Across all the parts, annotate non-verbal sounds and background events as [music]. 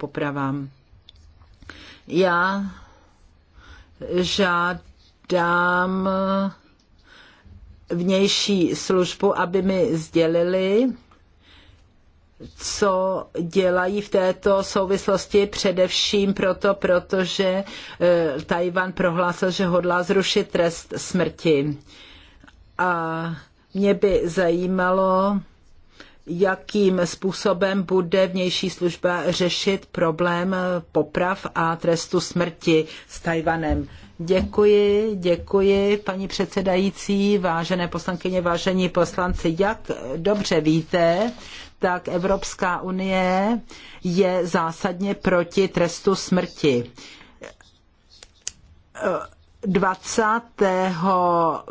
popravám. Já žádám vnější službu, aby mi sdělili, co dělají v této souvislosti, především proto, protože e, Tajvan prohlásil, že hodlá zrušit trest smrti. A mě by zajímalo, jakým způsobem bude vnější služba řešit problém poprav a trestu smrti s Tajvanem. Děkuji, děkuji, paní předsedající, vážené poslankyně, vážení poslanci. Jak dobře víte, tak Evropská unie je zásadně proti trestu smrti 21.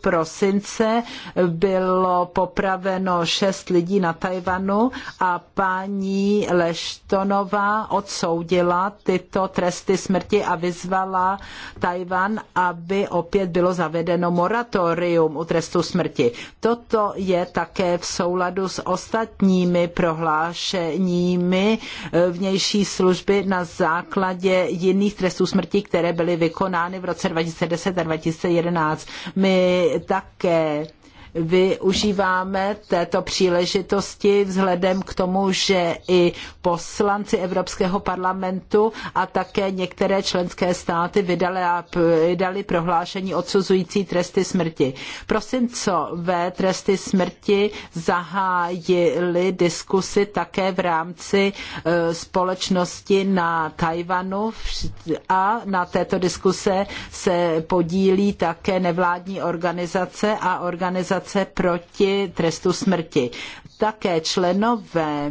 prosince bylo popraveno šest lidí na Tajvanu a paní Leštonová odsoudila tyto tresty smrti a vyzvala Tajvan, aby opět bylo zavedeno moratorium u trestu smrti. Toto je také v souladu s ostatními prohlášeními vnější služby na základě jiných trestů smrti, které byly vykonány v roce 2010 a 2011. My také využíváme této příležitosti vzhledem k tomu, že i poslanci Evropského parlamentu a také některé členské státy vydali, vydali prohlášení odsuzující tresty smrti. Prosincové tresty smrti zahájili diskusy také v rámci e, společnosti na Tajvanu a na této diskuse se podílí také nevládní organizace a organizace organizace proti trestu smrti. Také členové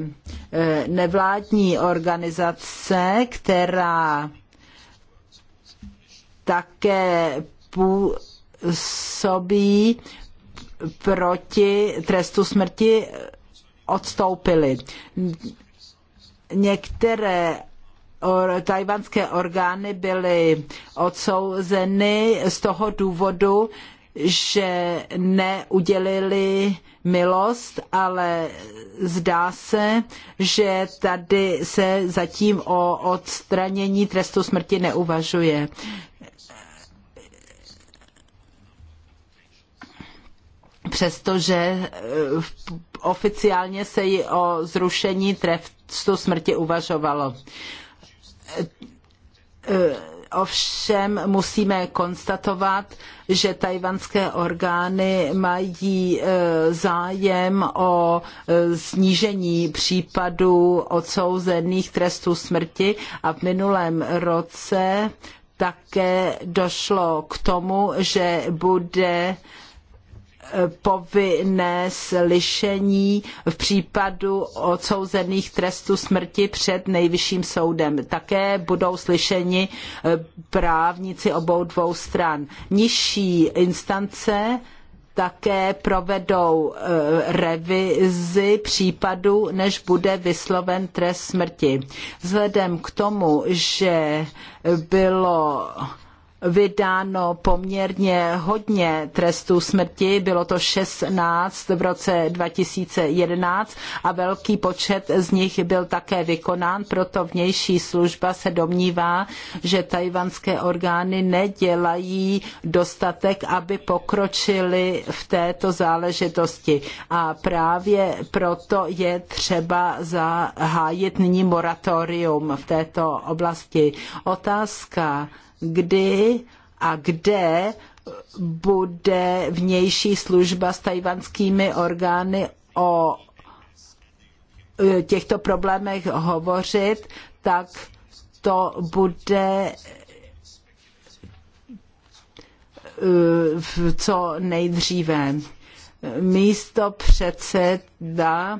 eh, nevládní organizace, která také působí proti trestu smrti, odstoupili. Některé or, tajvanské orgány byly odsouzeny z toho důvodu, že neudělili milost, ale zdá se, že tady se zatím o odstranění trestu smrti neuvažuje. Přestože eh, oficiálně se ji o zrušení trestu smrti uvažovalo eh, ovšem musíme konstatovat, že tajvanské orgány mají e, zájem o e, snížení případů odsouzených trestů smrti a v minulém roce také došlo k tomu, že bude povinné slyšení v případu odsouzených trestu smrti před nejvyšším soudem. Také budou slyšeni eh, právníci obou dvou stran. Nižší instance také provedou eh, revizi případu, než bude vysloven trest smrti. Vzhledem k tomu, že bylo vydáno poměrně hodně trestů smrti, bylo to 16 v roce 2011 a velký počet z nich byl také vykonán, proto vnější služba se domnívá, že tajvanské orgány nedělají dostatek, aby pokročili v této záležitosti. A právě proto je třeba zahájit nyní moratorium v této oblasti. Otázka kdy a kde bude vnější služba s tajvanskými orgány o e, těchto problémech hovořit, tak to bude e, co nejdříve. Místo předseda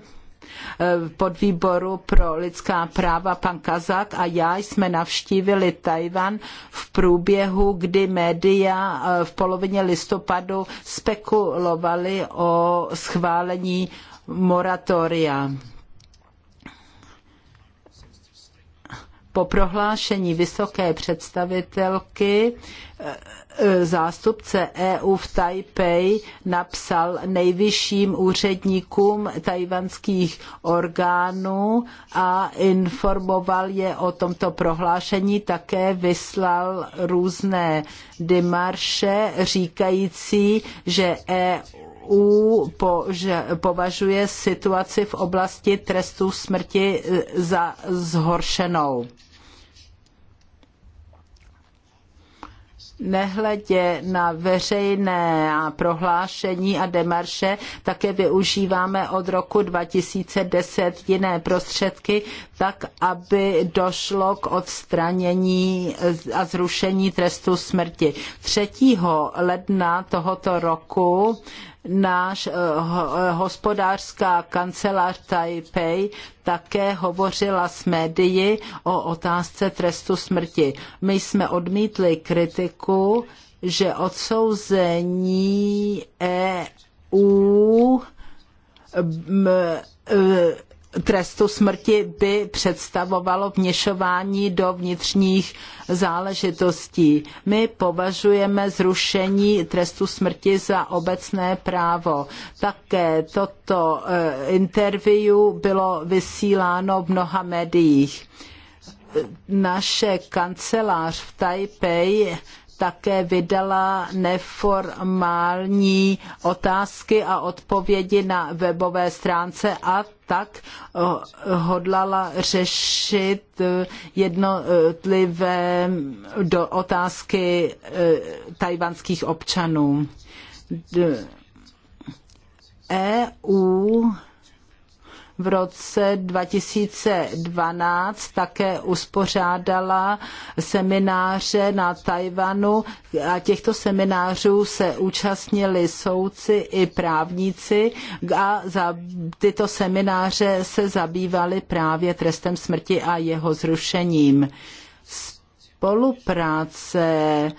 Eh, podvýboru pro lidská práva pan Kazak a já jsme navštívili Tajvan v průběhu, kdy média eh, v polovině listopadu spekulovali o schválení moratoria. Po prohlášení vysoké představitelky eh, zástupce EU v Taipei napsal nejvyšším úředníkům tajvanských orgánů a informoval je o tomto prohlášení. Také vyslal různé demarše říkající, že EU EU považuje situaci v oblasti trestu smrti za zhoršenou. nehledě na veřejné prohlášení a demarše, také využíváme od roku 2010 jiné prostředky, tak aby došlo k odstranění a zrušení trestu smrti. 3. ledna tohoto roku náš eh, eh, hospodářská kancelář Taipei také hovořila s médii o otázce trestu smrti. My jsme odmítli kritiku, že odsouzení EU trestu smrti by představovalo vněšování do vnitřních záležitostí. My považujeme zrušení trestu smrti za obecné právo. Také toto eh, interview bylo vysíláno v mnoha médiích. Naše kancelář v Taipei také vydala neformální otázky a odpovědi na webové stránce a tak eh, hodlala řešit eh, jednotlivé eh, do otázky tajvanských občanů. EU v roce 2012 také uspořádala semináře na Tajvanu a těchto seminářů se účastnili soudci i právníci a za tyto semináře se zabývali právě trestem smrti a jeho zrušením. Spolupráce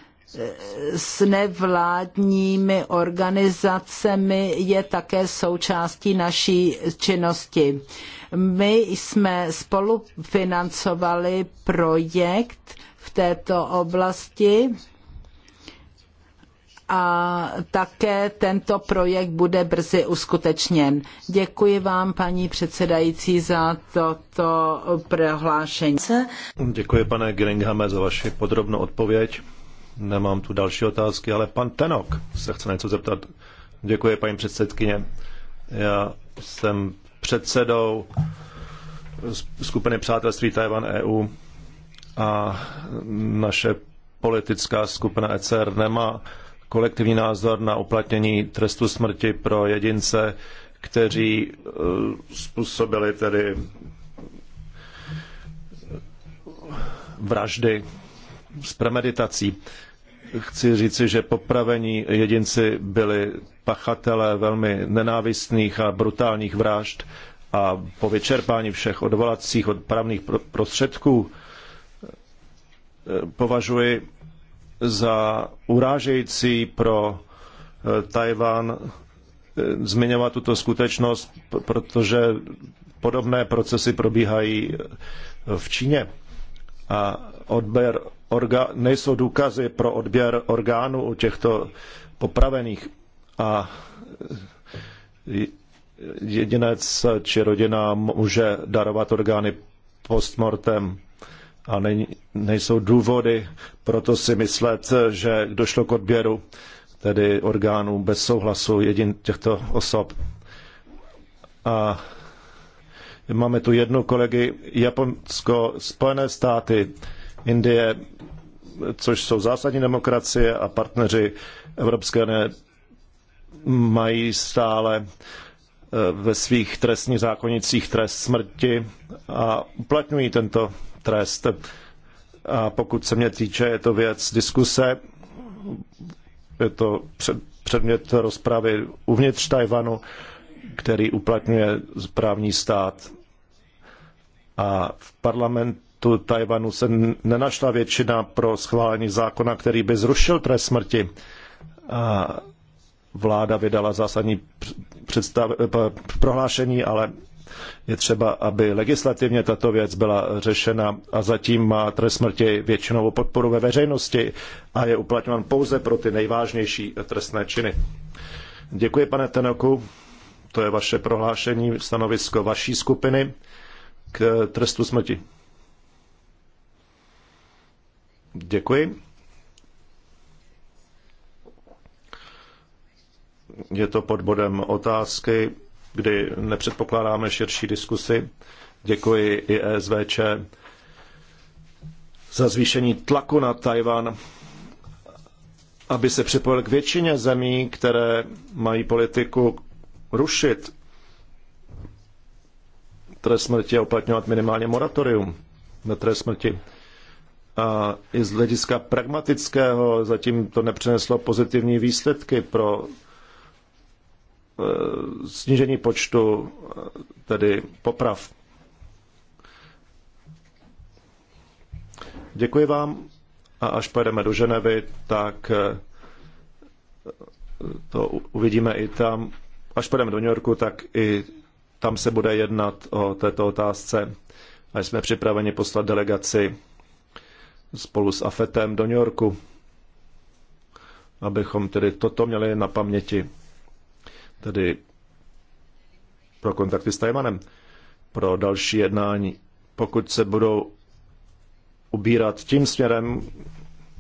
s nevládními organizacemi je také součástí naší činnosti. My jsme spolufinancovali projekt v této oblasti a také tento projekt bude brzy uskutečněn. Děkuji vám, paní předsedající, za toto prohlášení. Děkuji, pane Geringhame, za vaši podrobnou odpověď. Nemám tu další otázky, ale pan Tenok se chce něco zeptat. Děkuji, paní předsedkyně. Já jsem předsedou skupiny Přátelství Taiwan EU a naše politická skupina ECR nemá kolektivní názor na uplatnění trestu smrti pro jedince, kteří e, způsobili tedy vraždy s premeditací chci říci, že popravení jedinci byli pachatelé velmi nenávistných a brutálních vražd a po vyčerpání všech odvolacích odpravných prostředků eh, považuji za urážející pro eh, Tajván eh, zmiňovat tuto skutečnost, protože podobné procesy probíhají v Číně. A odběr orga, nejsou důkazy pro odběr orgánů u těchto popravených a jedinec či rodina může darovat orgány postmortem a nej, nejsou důvody proto si myslet, že došlo k odběru tedy orgánů bez souhlasu jedin těchto osob. A máme tu jednu kolegy Japonsko, Spojené státy, Indie, což jsou zásadní demokracie a partneři Evropské unie mají stále eh, ve svých trestních zákonicích trest smrti a uplatňují tento trest. A pokud se mě týče, je to věc diskuse, je to předmět rozpravy uvnitř Tajvanu, který uplatňuje právní stát. A v parlament parlamentu Tajvanu se nenašla většina pro schválení zákona, který by zrušil trest smrti. A vláda vydala zásadní představ, eh, prohlášení, ale je třeba, aby legislativně tato věc byla řešena a zatím má trest smrti většinovou podporu ve veřejnosti a je uplatňován pouze pro ty nejvážnější trestné činy. Děkuji, pane Tenoku. To je vaše prohlášení, stanovisko vaší skupiny k trestu smrti. Děkuji. Je to pod bodem otázky, kdy nepředpokládáme širší diskusy. Děkuji i ESVČ za zvýšení tlaku na Tajvan, aby se připojil k většině zemí, které mají politiku rušit trest smrti a uplatňovat minimálně moratorium na trest smrti a i z hlediska pragmatického zatím to nepřineslo pozitivní výsledky pro e, snížení počtu e, tedy poprav. Děkuji vám a až pojedeme do Ženevy, tak e, to uvidíme i tam. Až pojedeme do New Yorku, tak i tam se bude jednat o této otázce a jsme připraveni poslat delegaci spolu s AFETem do New Yorku, abychom tedy toto měli na paměti, tedy pro kontakty s Tajmanem, pro další jednání, pokud se budou ubírat tím směrem,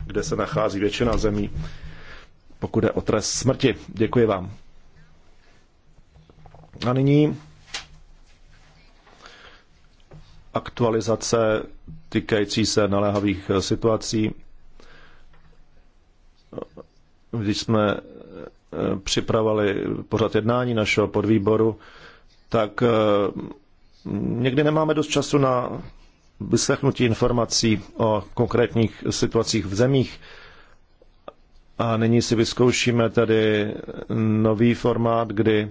kde se nachází většina zemí, pokud je o trest smrti. Děkuji vám. A nyní aktualizace týkající se naléhavých eh, situací. Když jsme eh, připravovali pořad jednání našeho podvýboru, tak eh, někdy nemáme dost času na vyslechnutí informací o konkrétních situacích v zemích. A nyní si vyzkoušíme tedy nový formát, kdy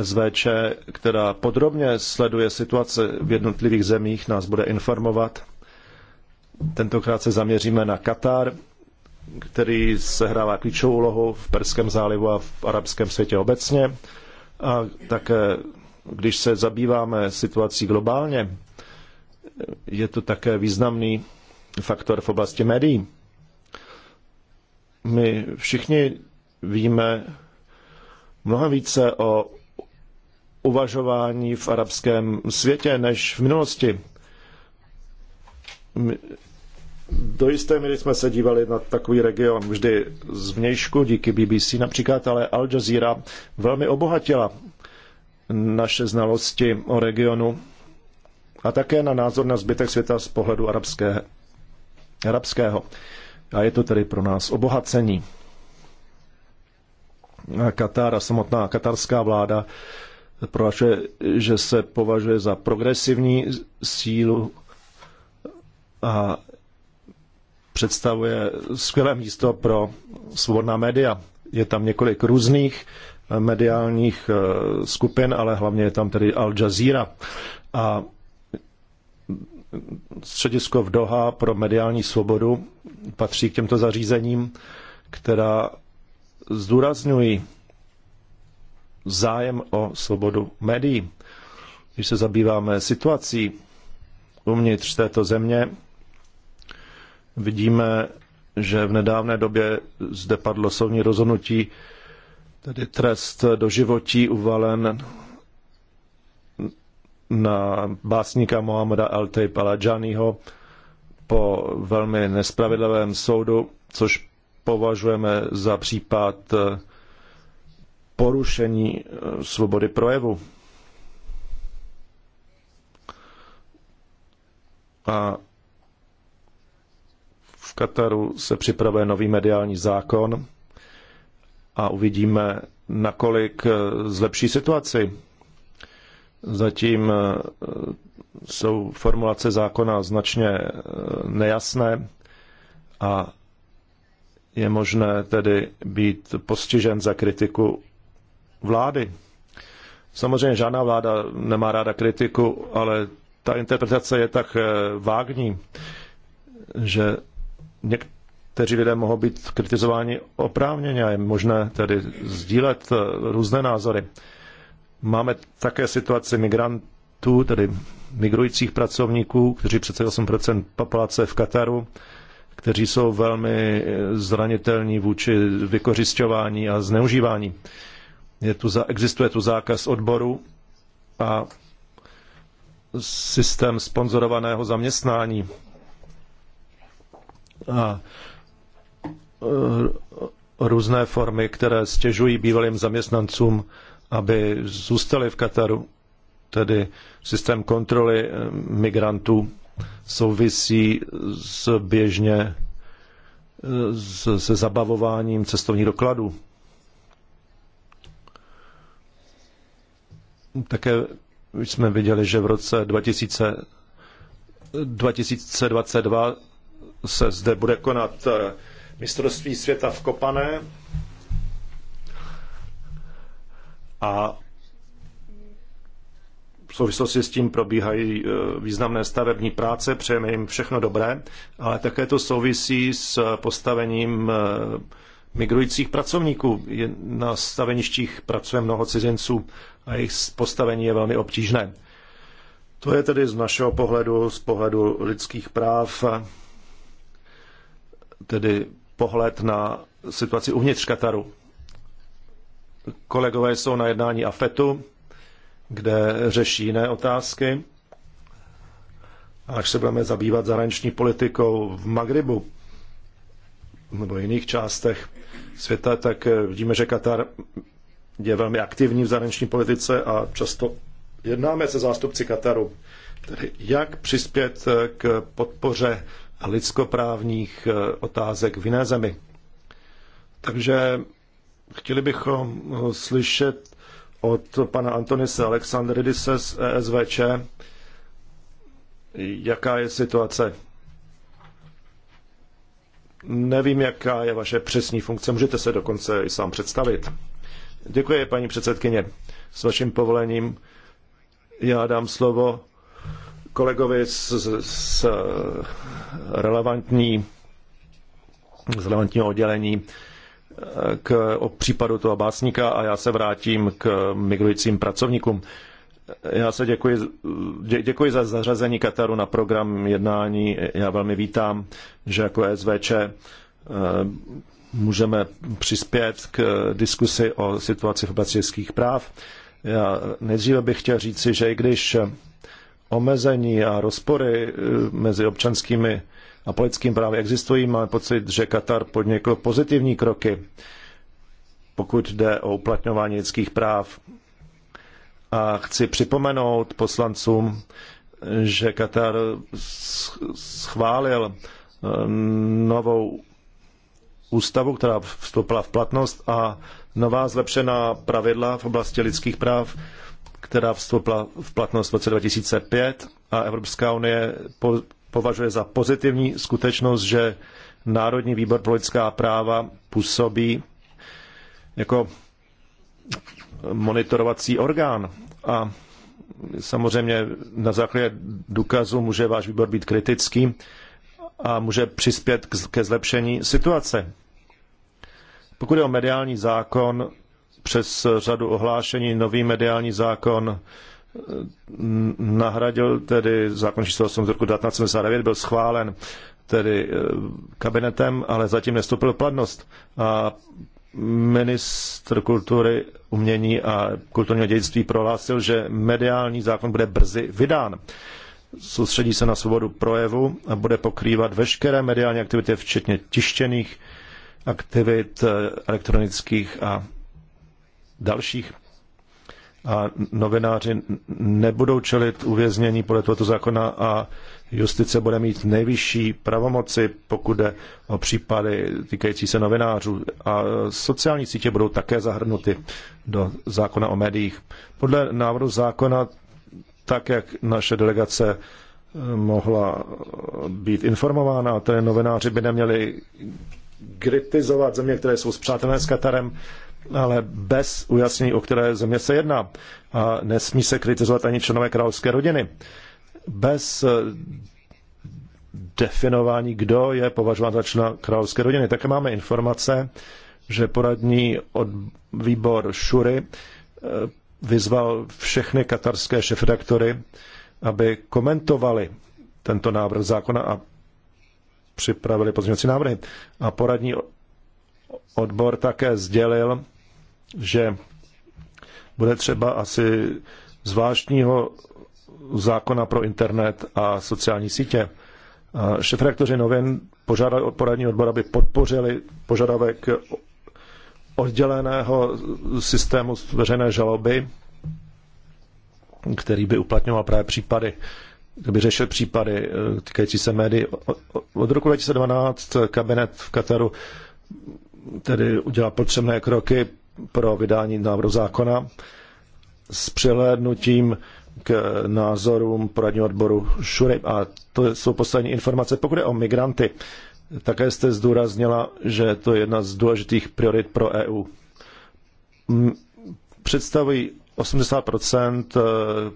SVČ, která podrobně sleduje situaci v jednotlivých zemích, nás bude informovat. Tentokrát se zaměříme na Katar, který sehrává klíčovou úlohu v Perském zálivu a v arabském světě obecně. A také, když se zabýváme situací globálně, je to také významný faktor v oblasti médií. My všichni víme mnohem více o uvažování v arabském světě než v minulosti. My do jisté míry jsme se dívali na takový region vždy z vnějšku, díky BBC například, ale Al Jazeera velmi obohatila naše znalosti o regionu a také na názor na zbytek světa z pohledu arabské, arabského. A je to tedy pro nás obohacení. A Katar a samotná katarská vláda prohlašuje, že se považuje za progresivní sílu a představuje skvělé místo pro svobodná média. Je tam několik různých mediálních eh, skupin, ale hlavně je tam tedy Al Jazeera. A středisko v Doha pro mediální svobodu patří k těmto zařízením, která zdůrazňují zájem o svobodu médií. Když se zabýváme situací uvnitř této země, vidíme, že v nedávné době zde padlo soudní rozhodnutí, tedy trest životí uvalen na básníka Mohameda al Palajaniho po velmi nespravedlivém soudu, což považujeme za případ eh, porušení eh, svobody projevu. A v Kataru se připravuje nový mediální zákon a uvidíme, nakolik eh, zlepší situaci. Zatím eh, jsou formulace zákona značně nejasné a je možné tedy být postižen za kritiku vlády. Samozřejmě žádná vláda nemá ráda kritiku, ale ta interpretace je tak eh, vágní, že někteří lidé mohou být kritizováni oprávněně a je možné tedy sdílet eh, různé názory. Máme také situaci migrantů, tedy migrujících pracovníků, kteří přece 8% populace v Kataru, kteří jsou velmi eh, zranitelní vůči vykořišťování a zneužívání je tu, existuje tu zákaz odboru a systém sponzorovaného zaměstnání. A e, různé formy, které stěžují bývalým zaměstnancům, aby zůstali v Kataru. Tedy systém kontroly e, migrantů souvisí s běžně e, se zabavováním cestovních dokladů. Také jsme viděli, že v roce 2000, 2022 se zde bude konat eh, mistrovství světa v Kopané a v souvislosti s tím probíhají eh, významné stavební práce, přejeme jim všechno dobré, ale také to souvisí s postavením eh, migrujících pracovníků. Na staveništích pracuje mnoho cizinců a jejich postavení je velmi obtížné. To je tedy z našeho pohledu, z pohledu lidských práv, tedy pohled na situaci uvnitř Kataru. Kolegové jsou na jednání AFETu, kde řeší jiné otázky. A až se budeme zabývat zahraniční politikou v Magribu, nebo jiných částech světa, tak eh, vidíme, že Katar je velmi aktivní v zahraniční politice a často jednáme se zástupci Kataru, tedy jak přispět eh, k podpoře lidskoprávních eh, otázek v jiné zemi. Takže chtěli bychom slyšet od pana Antonise Alexandridise z ESVČ, jaká je situace Nevím, jaká je vaše přesní funkce, můžete se dokonce i sám představit. Děkuji, paní předsedkyně. S vaším povolením já dám slovo kolegovi z, z, relevantní, z relevantního oddělení eh, k o případu toho básníka a já se vrátím k migrujícím pracovníkům. Já se děkuji, dě, děkuji za zařazení Kataru na program jednání. Já velmi vítám, že jako SVČ eh, můžeme přispět k diskusi o situaci v oblasti lidských práv. Já nejdříve bych chtěl říci, že i když omezení a rozpory eh, mezi občanskými a politickým právy existují, máme pocit, že Katar podnikl pozitivní kroky, pokud jde o uplatňování lidských práv a chci připomenout poslancům, že Katar schválil eh, novou ústavu, která vstoupila v platnost a nová zlepšená pravidla v oblasti lidských práv, která vstoupila v platnost v roce 2005 a Evropská unie považuje za pozitivní skutečnost, že Národní výbor pro lidská práva působí jako monitorovací orgán. A samozřejmě na základě důkazu může váš výbor být kritický a může přispět ke zlepšení situace. Pokud je o mediální zákon, přes řadu ohlášení nový mediální zákon eh, nahradil tedy zákon číslo 8 z roku 1979, byl schválen tedy eh, kabinetem, ale zatím nestoupil platnost. A ministr kultury, umění a kulturního dědictví prohlásil, že mediální zákon bude brzy vydán. Soustředí se na svobodu projevu a bude pokrývat veškeré mediální aktivity, včetně tištěných aktivit eh, elektronických a dalších. A novináři nebudou čelit uvěznění podle tohoto zákona a justice bude mít nejvyšší pravomoci, pokud jde o případy týkající se novinářů. A sociální sítě budou také zahrnuty do zákona o médiích. Podle návrhu zákona, tak jak naše delegace eh, mohla být informována, a tedy novináři by neměli kritizovat země, které jsou zpřátelné s Katarem, ale bez ujasnění, o které země se jedná. A nesmí se kritizovat ani členové královské rodiny bez eh, definování, kdo je považován za člena královské rodiny. Také máme informace, že poradní od výbor Šury eh, vyzval všechny katarské šefredaktory, aby komentovali tento návrh zákona a připravili pozměňovací návrhy. A poradní odbor také sdělil, že bude třeba asi zvláštního zákona pro internet a sociální sítě. Šefrektoři novin požádali od poradní odbor, aby podpořili požadavek odděleného systému veřejné žaloby, který by uplatňoval právě případy, by řešil případy eh, týkající se médií. Od roku 2012 kabinet v Kataru tedy udělal potřebné kroky pro vydání návrhu zákona s přihlédnutím k názorům poradního odboru Šury. A to jsou poslední informace. Pokud je o migranty, také jste zdůraznila, že to je jedna z důležitých priorit pro EU. Představují 80 eh,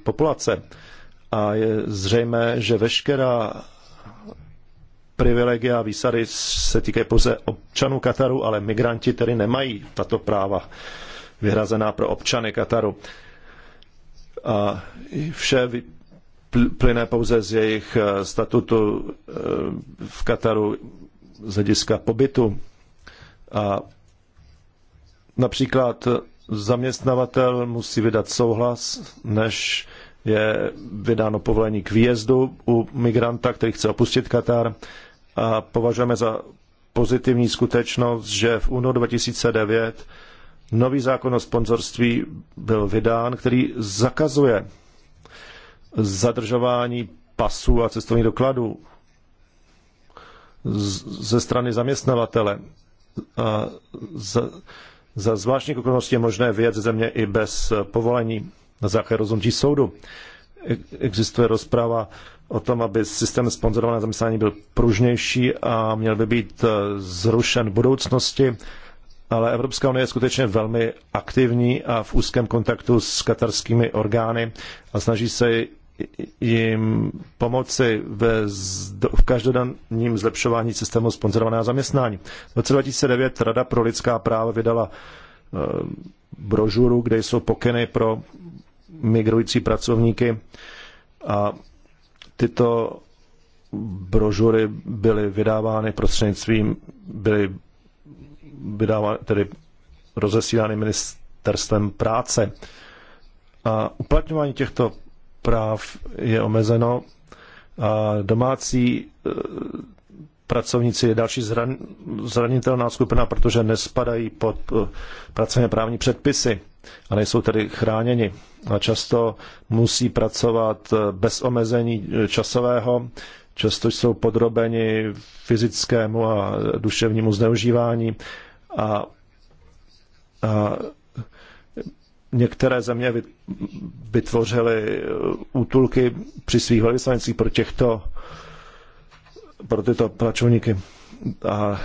populace a je zřejmé, že veškerá privilegia a výsady se týkají pouze občanů Kataru, ale migranti tedy nemají tato práva vyhrazená pro občany Kataru a vše plyne pouze z jejich eh, statutu eh, v Kataru z hlediska pobytu. A například zaměstnavatel musí vydat souhlas, než je vydáno povolení k výjezdu u migranta, který chce opustit Katar. A považujeme za pozitivní skutečnost, že v únoru 2009 nový zákon o sponzorství byl vydán, který zakazuje zadržování pasů a cestovních dokladů ze strany zaměstnavatele. A za, za zvláštní okolnosti je možné vyjet ze země i bez povolení na základě rozhodnutí soudu. E- existuje rozpráva o tom, aby systém sponzorovaného zaměstnání byl pružnější a měl by být e, zrušen v budoucnosti ale Evropská unie je skutečně velmi aktivní a v úzkém kontaktu s katarskými orgány a snaží se jim pomoci ve, v každodenním zlepšování systému sponzorovaného zaměstnání. V roce 2009 Rada pro lidská práva vydala eh, brožuru, kde jsou pokyny pro migrující pracovníky a tyto brožury byly vydávány prostřednictvím, byly vydávány, tedy rozesílány ministerstvem práce. A uplatňování těchto práv je omezeno a domácí e, pracovníci je další zran, zranitelná skupina, protože nespadají pod e, pracovně právní předpisy a nejsou tedy chráněni. A často musí pracovat e, bez omezení časového, často jsou podrobeni fyzickému a duševnímu zneužívání a, a některé země vytvořily útulky při svých velvyslanecích pro těchto pro tyto pracovníky. A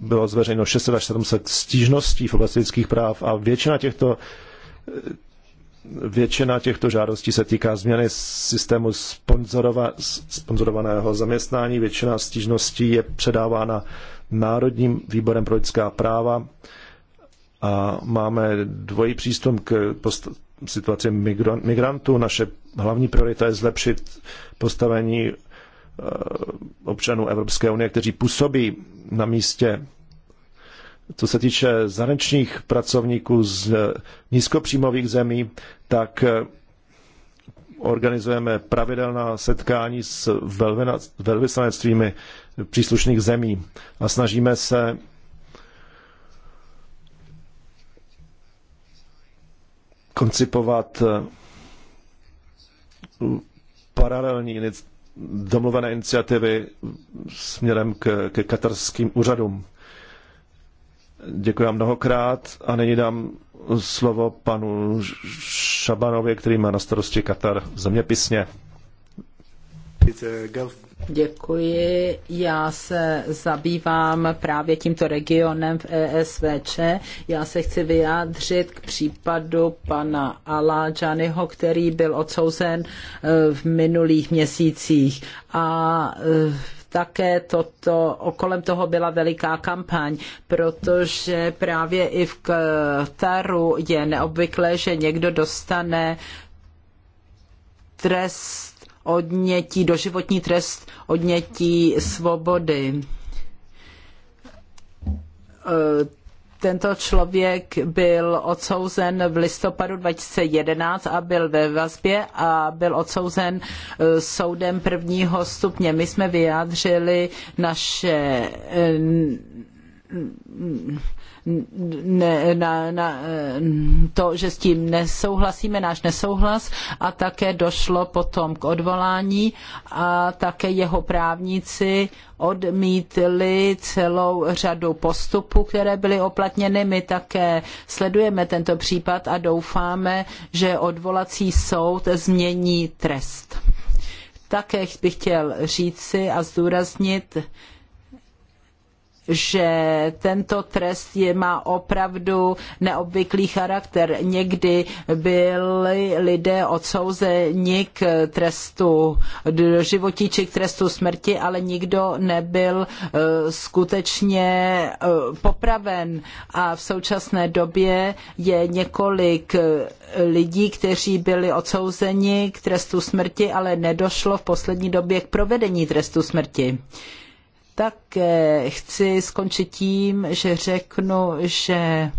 bylo zveřejno 600 až 700 stížností v oblasti lidských práv a většina těchto většina těchto žádostí se týká změny systému sponzorovaného zaměstnání. Většina stížností je předávána Národním výborem pro lidská práva a máme dvojí přístup k situaci migrantů. Naše hlavní priorita je zlepšit postavení eh, občanů Evropské unie, kteří působí na místě co se týče zahraničních pracovníků z eh, nízkopříjmových zemí, tak eh, organizujeme pravidelná setkání s velvyslanectvími příslušných zemí a snažíme se koncipovat eh, paralelní domluvené iniciativy směrem k, k katarským úřadům. Děkuji vám mnohokrát a nyní dám slovo panu Šabanovi, který má na starosti Katar zeměpisně. Děkuji. Já se zabývám právě tímto regionem v ESVČ. Já se chci vyjádřit k případu pana Ala který byl odsouzen eh, v minulých měsících. A eh, také toto, kolem toho byla veliká kampaň, protože právě i v Kataru je neobvyklé, že někdo dostane trest odnětí, doživotní trest odnětí svobody tento člověk byl odsouzen v listopadu 2011 a byl ve vazbě a byl odsouzen e, soudem prvního stupně. My jsme vyjádřili naše e, ne, na, na, to, že s tím nesouhlasíme, náš nesouhlas a také došlo potom k odvolání a také jeho právníci odmítli celou řadu postupů, které byly oplatněny. My také sledujeme tento případ a doufáme, že odvolací soud změní trest. Také bych chtěl říci a zdůraznit, že tento trest je, má opravdu neobvyklý charakter. Někdy byli lidé odsouzeni k trestu životí či k trestu smrti, ale nikdo nebyl e, skutečně e, popraven. A v současné době je několik e, lidí, kteří byli odsouzeni k trestu smrti, ale nedošlo v poslední době k provedení trestu smrti. Uh, také eh, chci skončit tím, že řeknu, že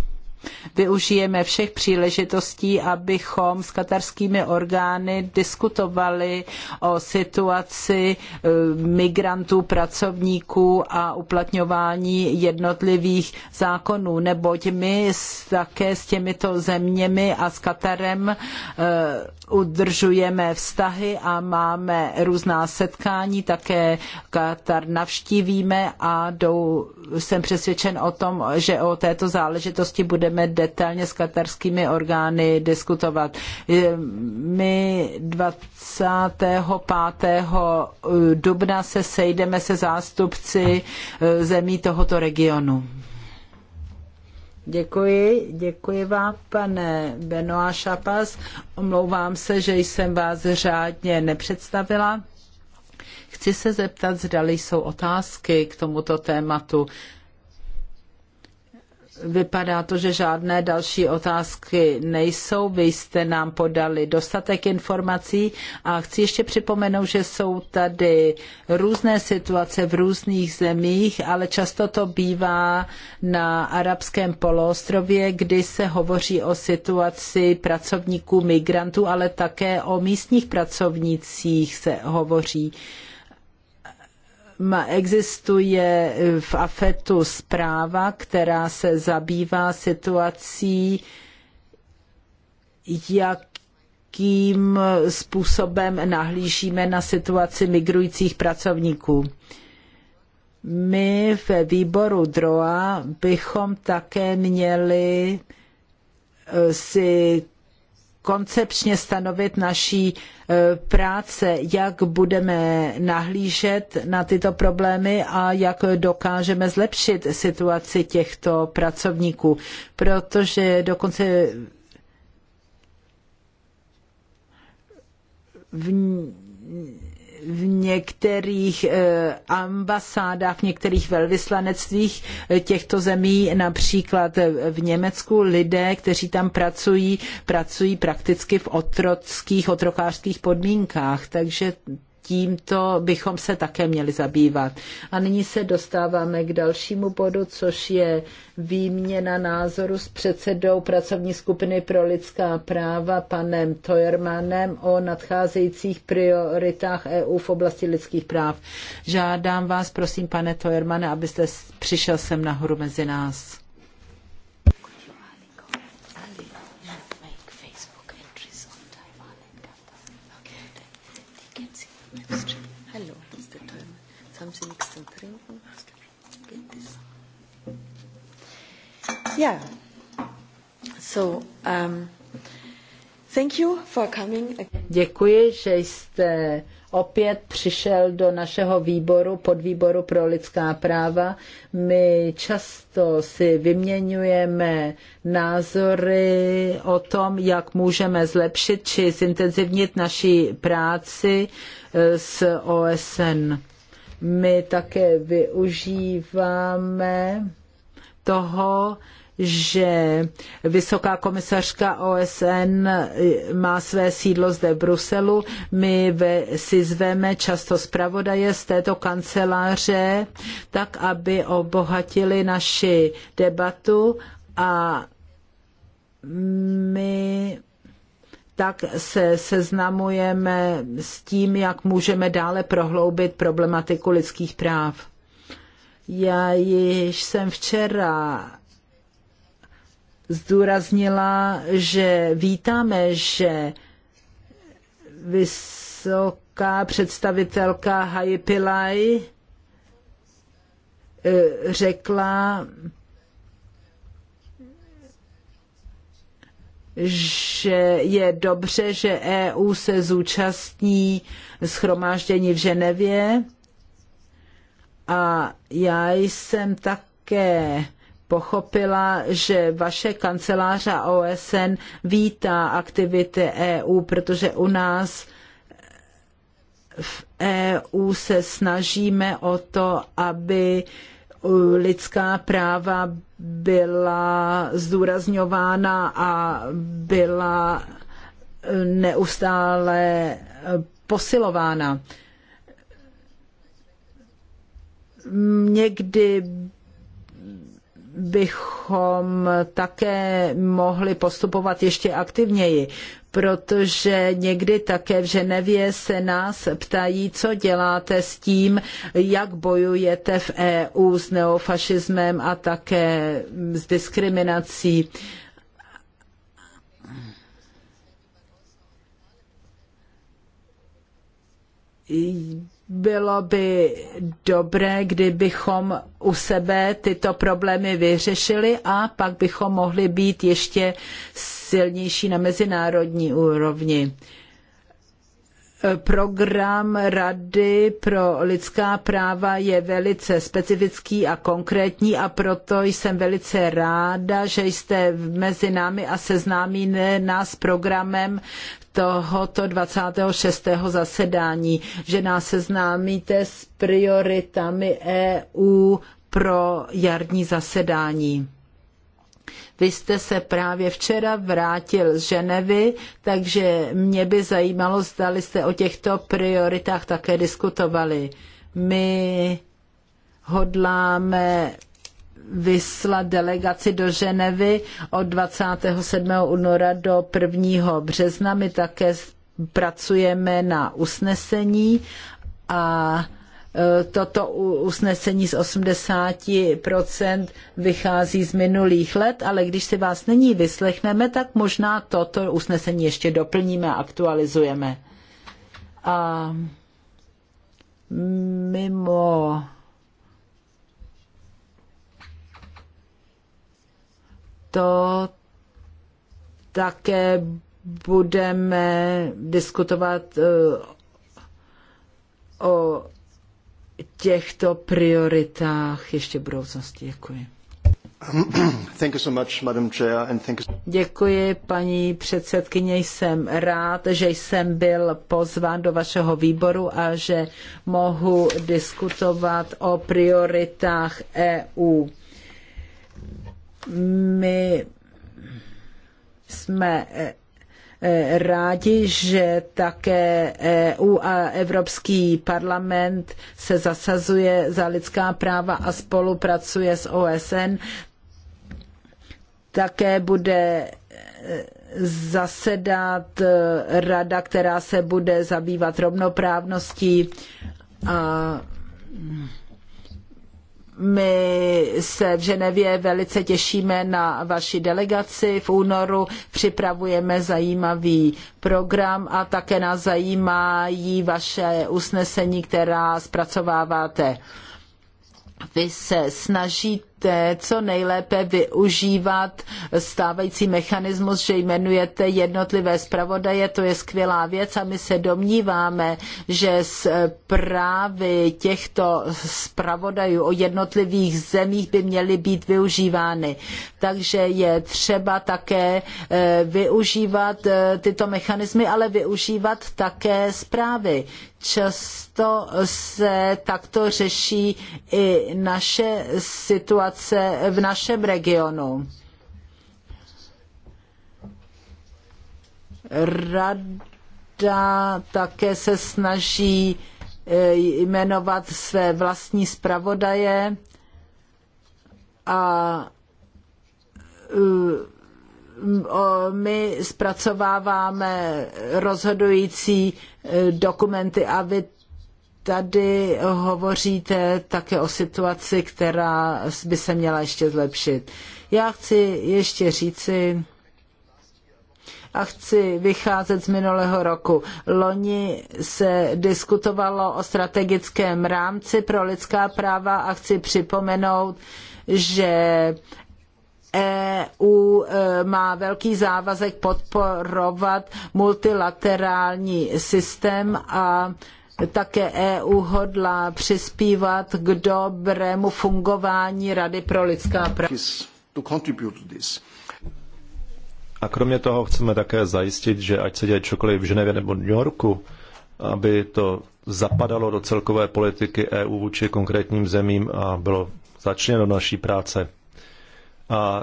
využijeme všech příležitostí, abychom s katarskými orgány diskutovali o situaci eh, migrantů, pracovníků a uplatňování jednotlivých zákonů, neboť my také s těmito zeměmi a s Katarem eh, udržujeme vztahy a máme různá setkání, také Katar navštívíme a jsem přesvědčen o tom, že o této záležitosti budeme budeme detailně s katarskými orgány diskutovat. My 25. Eh, dubna se sejdeme se zástupci eh, zemí tohoto regionu. Děkuji, děkuji vám, pane Benoá Šapas. Omlouvám se, že jsem vás řádně nepředstavila. Chci se zeptat, zdali jsou otázky k tomuto tématu. Vypadá to, že žádné další otázky nejsou. Vy jste nám podali dostatek informací a chci ještě připomenout, že jsou tady různé situace v různých zemích, ale často to bývá na arabském poloostrově, kdy se hovoří o situaci pracovníků migrantů, ale také o místních pracovnících se hovoří. Existuje eh, v AFETu zpráva, která se zabývá situací, jakým způsobem nahlížíme na situaci migrujících pracovníků. My ve výboru DROA bychom také měli eh, si koncepčně stanovit naší e, práce, jak budeme nahlížet na tyto problémy a jak dokážeme zlepšit situaci těchto pracovníků. Protože dokonce v v některých eh, ambasádách, v některých velvyslanectvích eh, těchto zemí, například eh, v Německu, lidé, kteří tam pracují, pracují prakticky v otrockých, otrokářských podmínkách. Takže tímto bychom se také měli zabývat. A nyní se dostáváme k dalšímu bodu, což je výměna názoru s předsedou pracovní skupiny pro lidská práva panem Tojermanem o nadcházejících prioritách EU v oblasti lidských práv. Žádám vás, prosím, pane Tojermane, abyste přišel sem nahoru mezi nás. Yeah. So, um, thank you for coming. Děkuji, že jste opět přišel do našeho výboru, podvýboru pro lidská práva. My často si vyměňujeme názory o tom, jak můžeme zlepšit či zintenzivnit naši práci eh, s OSN. My také využíváme toho, že vysoká komisařka OSN má své sídlo zde v Bruselu. My si zveme často zpravodaje z této kanceláře, tak aby obohatili naši debatu a my tak se seznamujeme s tím, jak můžeme dále prohloubit problematiku lidských práv. Já již jsem včera zdůraznila, že vítáme, že vysoká představitelka Haji Pillai eh, řekla, že je dobře, že EU se zúčastní schromáždění v Ženevě. A já jsem také pochopila, že vaše kancelář a OSN vítá aktivity EU, protože u nás v EU se snažíme o to, aby lidská práva byla zdůrazňována a byla neustále posilována. Někdy bychom také mohli postupovat ještě aktivněji, protože někdy také v Ženevě se nás ptají, co děláte s tím, jak bojujete v EU s neofašismem a také s diskriminací bylo by dobré, kdybychom u sebe tyto problémy vyřešili a pak bychom mohli být ještě silnější na mezinárodní úrovni program Rady pro lidská práva je velice specifický a konkrétní a proto jsem velice ráda, že jste mezi námi a seznámíte nás s programem tohoto 26. zasedání, že nás seznámíte s prioritami EU pro jarní zasedání. Vy jste se právě včera vrátil z Ženevy, takže mě by zajímalo, zda jste o těchto prioritách také diskutovali. My hodláme vyslat delegaci do Ženevy od 27. února do 1. března. My také pracujeme na usnesení a toto usnesení z 80% vychází z minulých let, ale když si vás nyní vyslechneme, tak možná toto usnesení ještě doplníme a aktualizujeme. A mimo to také budeme diskutovat eh, o těchto prioritách ještě v budoucnosti. Děkuji. Děkuji, paní předsedkyně. Jsem rád, že jsem byl pozván do vašeho výboru a že mohu diskutovat o prioritách EU. My jsme rádi, že také EU a Evropský parlament se zasazuje za lidská práva a spolupracuje s OSN. Také bude e, zasedat e, rada, která se bude zabývat rovnoprávností a my se v Ženevě velice těšíme na vaši delegaci. V únoru připravujeme zajímavý program a také nás zajímají vaše usnesení, která zpracováváte. Vy se snažíte chcete co nejlépe využívat stávající mechanismus, že jmenujete jednotlivé zpravodaje, to je skvělá věc a my se domníváme, že z právy těchto zpravodajů o jednotlivých zemích by měly být využívány. Takže je třeba také eh, využívat eh, tyto mechanismy, ale využívat také zprávy. Často se takto řeší i naše situace situace v našem regionu. Rada také se snaží eh, jmenovat své vlastní zpravodaje a eh, my zpracováváme rozhodující eh, dokumenty a vy Tady hovoříte také o situaci, která by se měla ještě zlepšit. Já chci ještě říci a chci vycházet z minulého roku. Loni se diskutovalo o strategickém rámci pro lidská práva a chci připomenout, že EU e, má velký závazek podporovat multilaterální systém a také EU hodlá přispívat k dobrému fungování Rady pro lidská práva. A kromě toho chceme také zajistit, že ať se děje cokoliv v Ženevě nebo New Yorku, aby to zapadalo do celkové politiky EU vůči konkrétním zemím a bylo začleněno do naší práce. A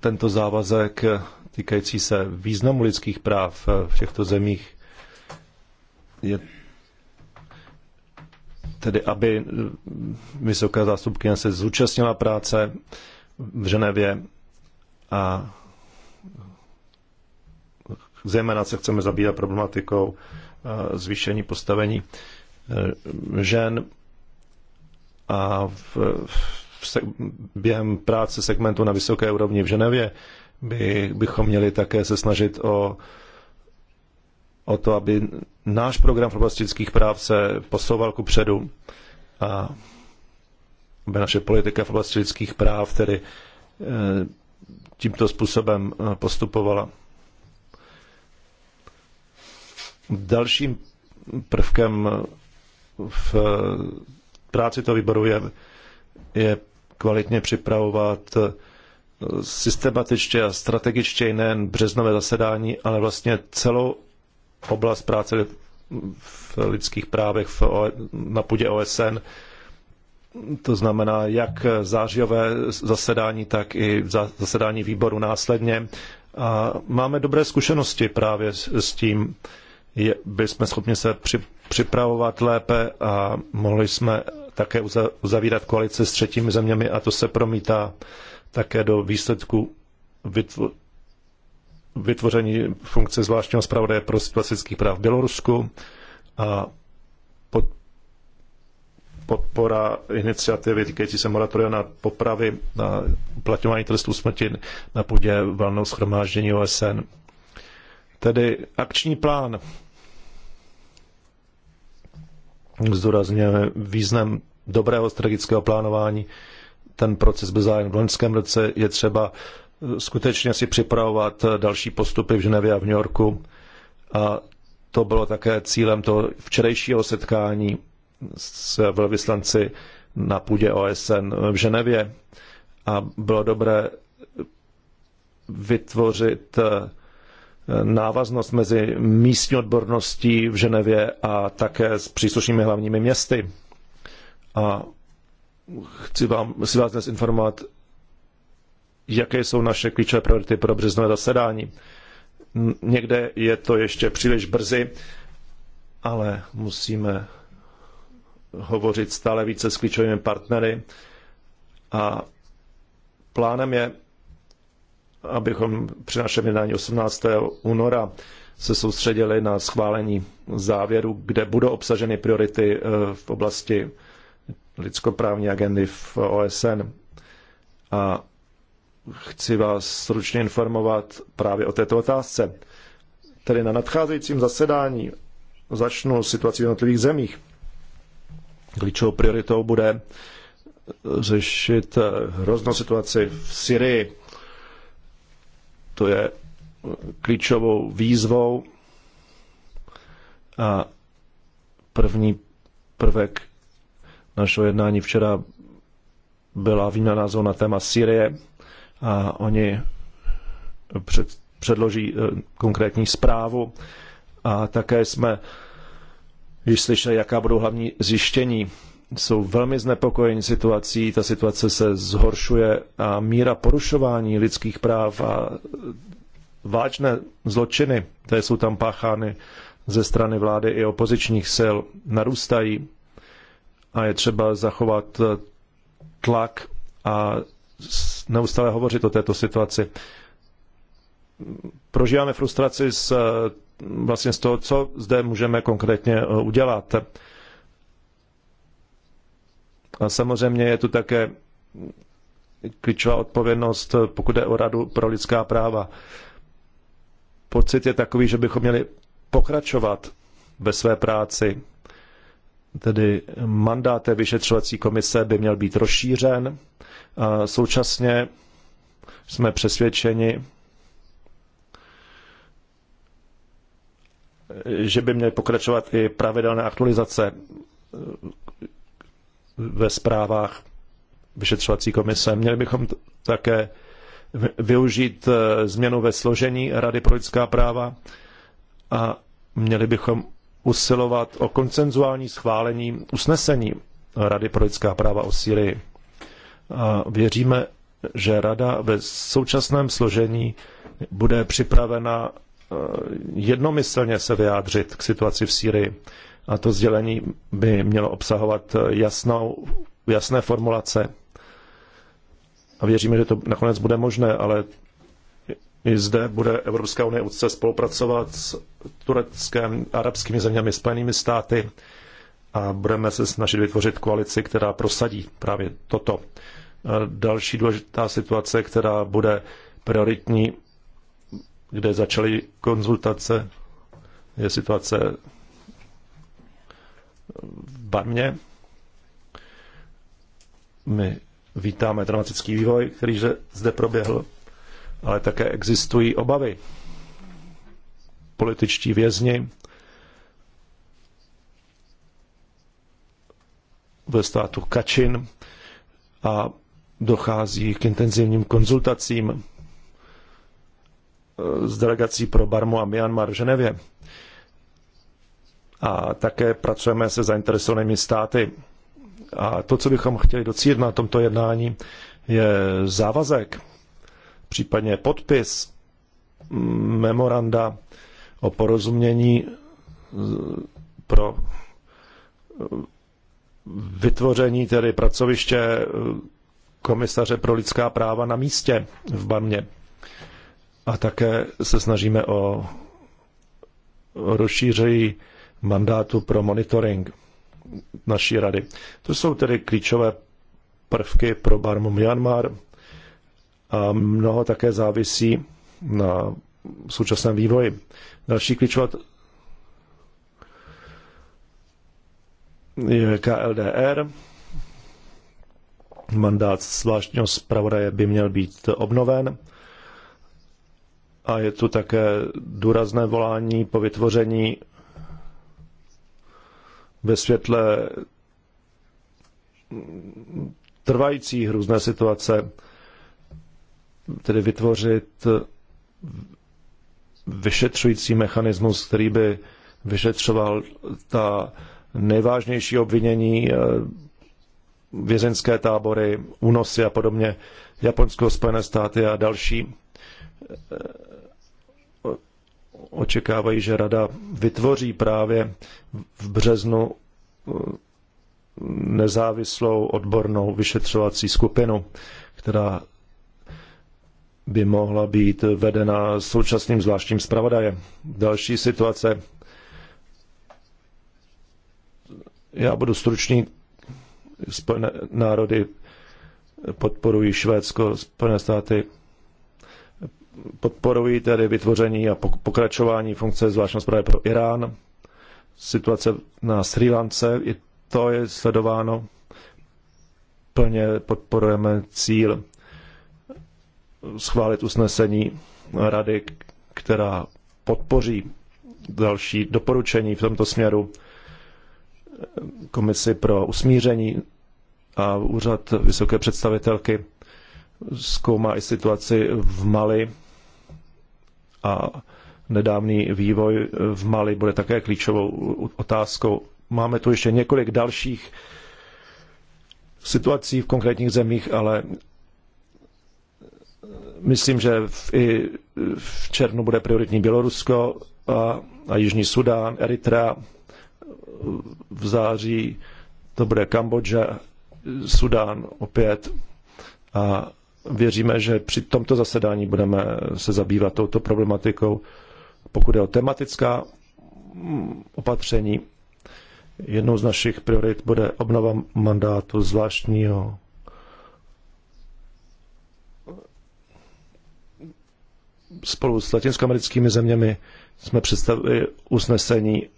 tento závazek týkající se významu lidských práv v těchto zemích je tedy aby eh, vysoká zástupkyně se zúčastnila práce v Ženevě a zejména se chceme zabývat problematikou eh, zvýšení postavení eh, žen a v, v se, během práce segmentu na vysoké úrovni v Ženevě by, bychom měli také se snažit o o to, aby náš program v oblasti lidských práv se posouval ku předu a aby naše politika v oblasti lidských práv tedy eh, tímto způsobem eh, postupovala. Dalším prvkem eh, v práci toho výboru je, je kvalitně připravovat systematičtě a strategičtě nejen březnové zasedání, ale vlastně celou oblast práce v lidských právech v, e- na půdě OSN. To znamená jak zářijové zasedání, tak i zasedání výboru následně. A máme dobré zkušenosti právě s, s tím, je, by jsme schopni se při, připravovat lépe a mohli jsme také uzavírat koalice s třetími zeměmi a to se promítá také do výsledku vytvoření funkce zvláštního zpravodaje pro situaci lidských práv v Bělorusku a pod, podpora iniciativy týkající se moratoria na popravy na uplatňování trestů smrti na půdě valného schromáždění OSN. Tedy akční plán zdůrazně význam dobrého strategického plánování. Ten proces byl zájem v loňském roce. Je třeba skutečně si připravovat další postupy v Ženevě a v New Yorku. A to bylo také cílem toho včerejšího setkání s velvyslanci na půdě OSN v Ženevě. A bylo dobré vytvořit eh, návaznost mezi místní odborností v Ženevě a také s příslušnými hlavními městy. A chci, vám, chci vás dnes informovat, jaké jsou naše klíčové priority pro březnové zasedání. Někde je to ještě příliš brzy, ale musíme hovořit stále více s klíčovými partnery a plánem je, abychom při našem jednání 18. února se soustředili na schválení závěru, kde budou obsaženy priority eh, v oblasti lidskoprávní agendy v OSN. A chci vás stručně informovat právě o této otázce. Tedy na nadcházejícím zasedání začnu situaci v jednotlivých zemích. Klíčovou prioritou bude řešit eh, hroznou situaci v Syrii. To je eh, klíčovou výzvou a první prvek našeho jednání včera byla výměna názvu na téma Syrie a oni před, předloží eh, konkrétní zprávu a také jsme již slyšeli, jaká budou hlavní zjištění. Jsou velmi znepokojeni situací, ta situace se zhoršuje a míra porušování lidských práv a vážné zločiny, které jsou tam páchány ze strany vlády i opozičních sil, narůstají a je třeba zachovat eh, tlak a neustále hovořit o této situaci. Prožíváme frustraci z, vlastně z toho, co zde můžeme konkrétně eh, udělat. A samozřejmě je tu také klíčová odpovědnost, pokud je o Radu pro lidská práva. Pocit je takový, že bychom měli pokračovat ve své práci tedy mandát té vyšetřovací komise by měl být rozšířen. A současně jsme přesvědčeni, že by měly pokračovat i pravidelné aktualizace eh, ve zprávách vyšetřovací komise. Měli bychom také využít eh, změnu ve složení Rady pro lidská práva a měli bychom usilovat o koncenzuální schválení usnesení Rady pro lidská práva o Sýrii. A věříme, že Rada ve současném složení bude připravena eh, jednomyslně se vyjádřit k situaci v Sýrii. A to sdělení by mělo obsahovat jasnou, jasné formulace. A věříme, že to nakonec bude možné, ale i zde bude Evropská unie úzce spolupracovat s Tureckem, arabskými zeměmi, Spojenými státy a budeme se snažit vytvořit koalici, která prosadí právě toto. Další důležitá situace, která bude prioritní, kde začaly konzultace, je situace v Barmě. My vítáme dramatický vývoj, který zde proběhl ale také existují obavy. Političtí vězni ve státu Kačin a dochází k intenzivním konzultacím eh, s delegací pro Barmu a Myanmar v Ženevě. A také pracujeme se zainteresovanými státy. A to, co bychom chtěli docílit na tomto jednání, je závazek případně podpis mm, memoranda o porozumění e, pro e, vytvoření tedy pracoviště e, komisaře pro lidská práva na místě v Barmě. A také se snažíme o rozšíření mandátu pro monitoring naší rady. To jsou tedy klíčové prvky pro Barmu Myanmar a mnoho také závisí na současném vývoji. Další klíčová je KLDR. Mandát zvláštního zpravodaje by měl být obnoven. A je tu také důrazné volání po vytvoření ve světle trvajících různé situace tedy vytvořit vyšetřující mechanismus, který by vyšetřoval ta nejvážnější obvinění, eh, vězeňské tábory, únosy a podobně, Japonsko, Spojené státy a další eh, očekávají, že rada vytvoří právě v březnu eh, nezávislou odbornou vyšetřovací skupinu, která by mohla být vedena současným zvláštním zpravodajem. Další situace. Já budu stručný. Spojené národy podporují Švédsko, Spojené státy podporují tedy vytvoření a pokračování funkce zvláštního zpravodaje pro Irán. Situace na Sri Lance, i to je sledováno. Plně podporujeme cíl schválit usnesení rady, která podpoří další doporučení v tomto směru komisi pro usmíření a úřad vysoké představitelky zkoumá i situaci v Mali a nedávný vývoj v Mali bude také klíčovou otázkou. Máme tu ještě několik dalších situací v konkrétních zemích, ale Myslím, že v, i v červnu bude prioritní Bělorusko a, a Jižní Sudán, Eritrea. V září to bude Kambodža, Sudán opět. A věříme, že při tomto zasedání budeme se zabývat touto problematikou. Pokud je o tematická mm, opatření, jednou z našich priorit bude obnova mandátu zvláštního spolu s latinskoamerickými zeměmi jsme představili usnesení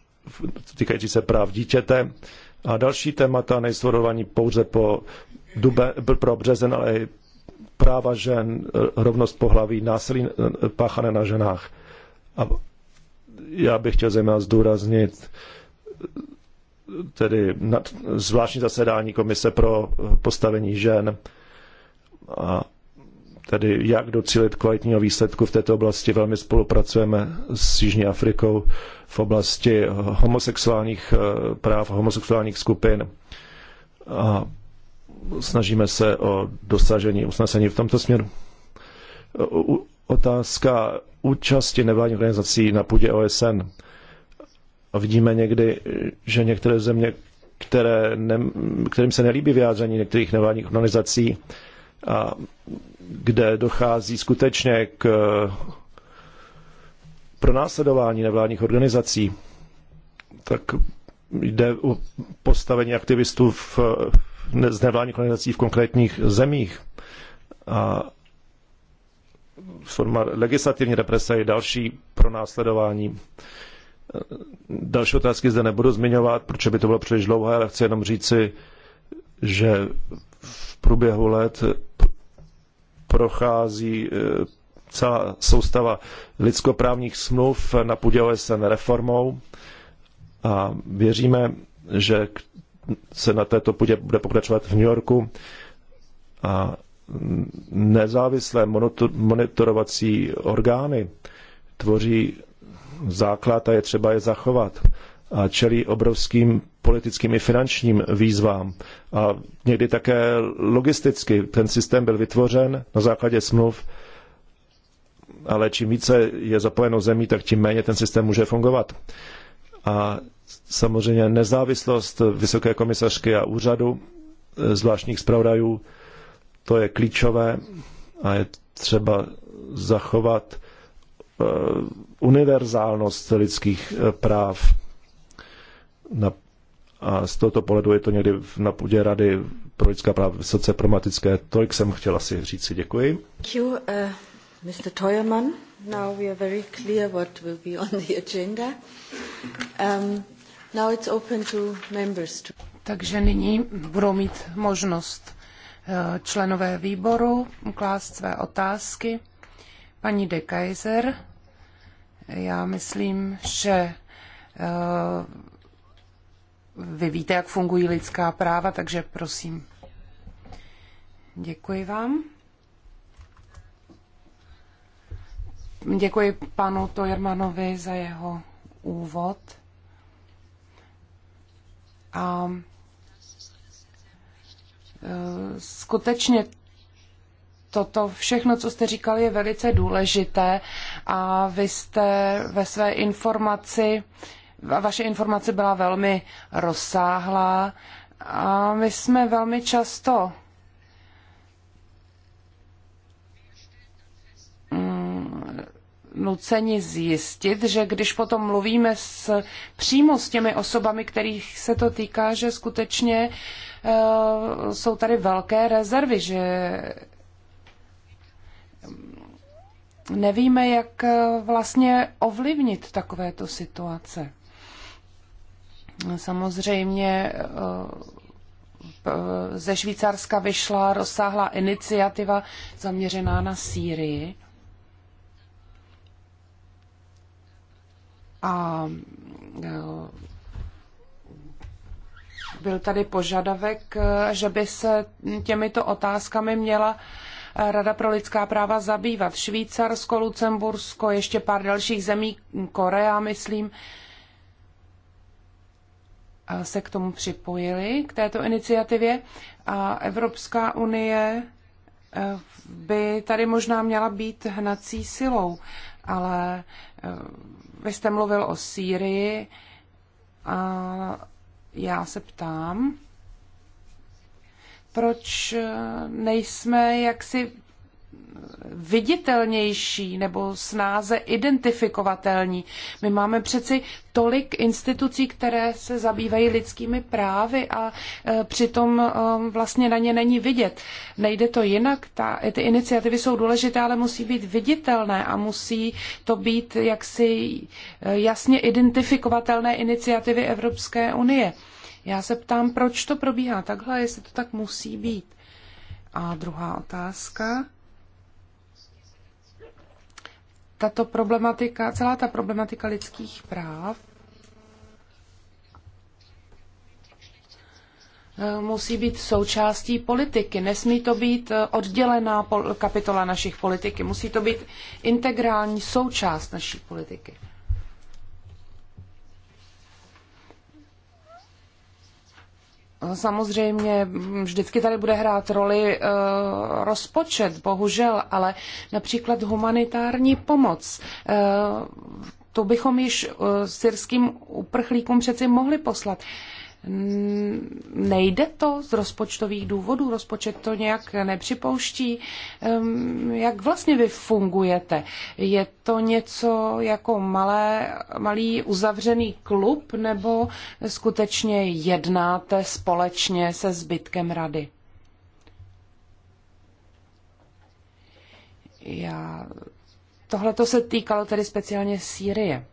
týkající se práv dítěte. A další témata nejsou pouze po dube, pro březen, ale i práva žen, rovnost pohlaví, násilí eh, páchané na ženách. A já bych chtěl zejména zdůraznit eh, tedy nad, zvláštní zasedání Komise pro postavení žen a tedy jak docílit kvalitního výsledku v této oblasti. Velmi spolupracujeme s Jižní Afrikou v oblasti homosexuálních eh, práv, homosexuálních skupin a snažíme se o dosažení usnesení v tomto směru. Otázka účasti nevládních organizací na půdě OSN. Vidíme někdy, že některé země, které ne, kterým se nelíbí vyjádření některých nevládních organizací, a kde dochází skutečně k eh, pronásledování nevládních organizací, tak jde o postavení aktivistů v, eh, z nevládních organizací v konkrétních zemích. A forma legislativní represe je další pronásledování. Eh, další otázky zde nebudu zmiňovat, protože by to bylo příliš dlouhé, ale chci jenom říci, že v průběhu let prochází e, celá soustava lidskoprávních smluv na půdě OSN reformou a věříme, že se na této půdě bude pokračovat v New Yorku a nezávislé monitorovací orgány tvoří základ a je třeba je zachovat a čelí obrovským politickým i finančním výzvám a někdy také logisticky. Ten systém byl vytvořen na základě smluv, ale čím více je zapojeno zemí, tak tím méně ten systém může fungovat. A samozřejmě nezávislost vysoké komisařky a úřadu e, zvláštních zpravodajů, to je klíčové a je třeba zachovat e, univerzálnost lidských e, práv na, a z tohoto pohledu je to někdy na půdě Rady pro lidská práva vysoce problematické. Tolik jsem chtěla si říct si děkuji. Uh, Mr. Teuermann. Now we are very clear what will be on the agenda. Um, now it's open to members. To... Takže nyní budou mít možnost uh, členové výboru klást své otázky. Paní de Kaiser, já myslím, že uh, vy víte, jak fungují lidská práva, takže prosím. Děkuji vám. Děkuji panu Tojermanovi za jeho úvod. A e, skutečně toto všechno, co jste říkal, je velice důležité a vy jste ve své informaci vaše informace byla velmi rozsáhlá a my jsme velmi často mm, nuceni zjistit, že když potom mluvíme s, přímo s těmi osobami, kterých se to týká, že skutečně uh, jsou tady velké rezervy, že nevíme, jak eh, vlastně ovlivnit takovéto situace. Samozřejmě eh, ze Švýcarska vyšla rozsáhlá iniciativa zaměřená na Sýrii. A eh, byl tady požadavek, eh, že by se těmito otázkami měla Rada pro lidská práva zabývat. Švýcarsko, Lucembursko, ještě pár dalších zemí, Korea, myslím, se k tomu připojili, k této iniciativě. A Evropská unie eh, by tady možná měla být hnací silou, ale eh, vy jste mluvil o Sýrii a já se ptám, proč eh, nejsme jaksi viditelnější nebo snáze identifikovatelní. My máme přeci tolik institucí, které se zabývají lidskými právy a e, přitom e, vlastně na ně není vidět. Nejde to jinak, ta, ty iniciativy jsou důležité, ale musí být viditelné a musí to být jaksi e, jasně identifikovatelné iniciativy Evropské unie. Já se ptám, proč to probíhá takhle, jestli to tak musí být. A druhá otázka tato problematika, celá ta problematika lidských práv eh, musí být součástí politiky. Nesmí to být eh, oddělená kapitola našich politiky. Musí to být integrální součást naší politiky. Samozřejmě vždycky tady bude hrát roli eh, rozpočet, bohužel, ale například humanitární pomoc. Eh, to bychom již eh, syrským uprchlíkům přeci mohli poslat. Nejde to z rozpočtových důvodů, rozpočet to nějak nepřipouští. Jak vlastně vy fungujete? Je to něco jako malé, malý uzavřený klub nebo skutečně jednáte společně se zbytkem rady? Já... Tohle to se týkalo tedy speciálně Sýrie.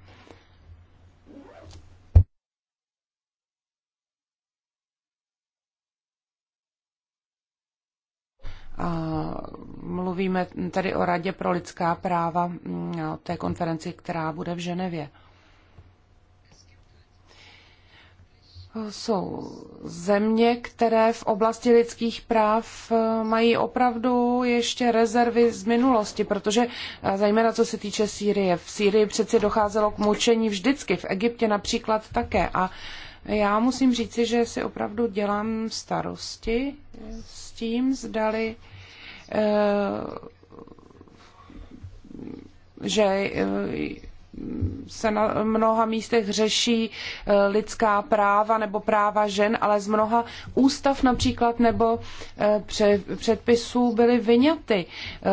Mluvíme tady o Radě pro lidská práva, mm, o té konferenci, která bude v Ženevě. Jsou země, které v oblasti lidských práv e, mají opravdu ještě rezervy z minulosti, protože e, zejména co se týče Sýrie. V Sýrii přeci docházelo k mučení vždycky, v Egyptě například také. A já musím říci, že si opravdu dělám starosti s tím, zdali Eh, že eh, se na mnoha místech řeší eh, lidská práva nebo práva žen, ale z mnoha ústav například nebo předpisů byly vyňaty.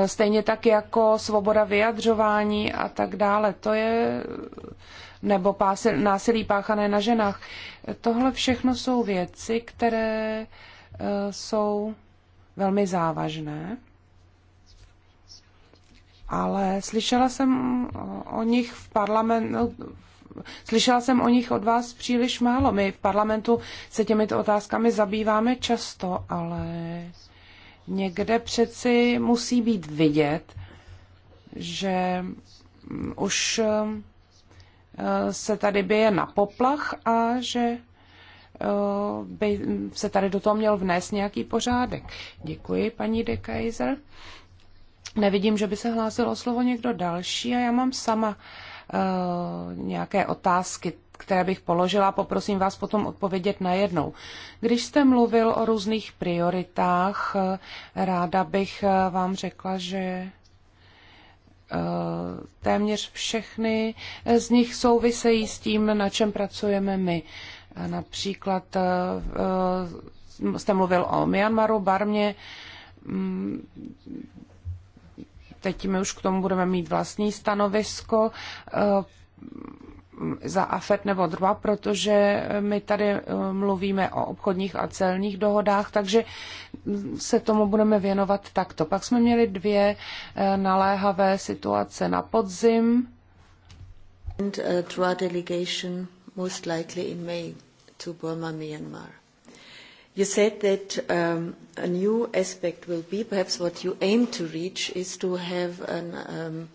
Stejně tak jako svoboda vyjadřování a tak dále. To je nebo násilí páchané na ženách. Tohle všechno jsou věci, které jsou velmi závažné ale slyšela jsem o nich v parlamentu, Slyšela jsem o nich od vás příliš málo. My v parlamentu se těmito otázkami zabýváme často, ale někde přeci musí být vidět, že už um, se tady běje na poplach a že uh, by se tady do toho měl vnést nějaký pořádek. Děkuji, paní de Kaiser. Nevidím, že by se hlásilo slovo někdo další a já mám sama uh, nějaké otázky, které bych položila. Poprosím vás potom odpovědět na jednou. Když jste mluvil o různých prioritách, eh, ráda bych eh, vám řekla, že téměř všechny z nich souvisejí s tím, na čem pracujeme my. Například jste mluvil o Myanmaru, Barmě, mm, Teď my už k tomu budeme mít vlastní stanovisko eh, za AFET nebo DRVA, protože my tady eh, mluvíme o obchodních a celních dohodách, takže se tomu budeme věnovat takto. Pak jsme měli dvě eh, naléhavé situace na podzim. And a delegation most likely in May to Burma, Myanmar. You said that um, a new aspect will be perhaps what you aim to reach is to have an, um,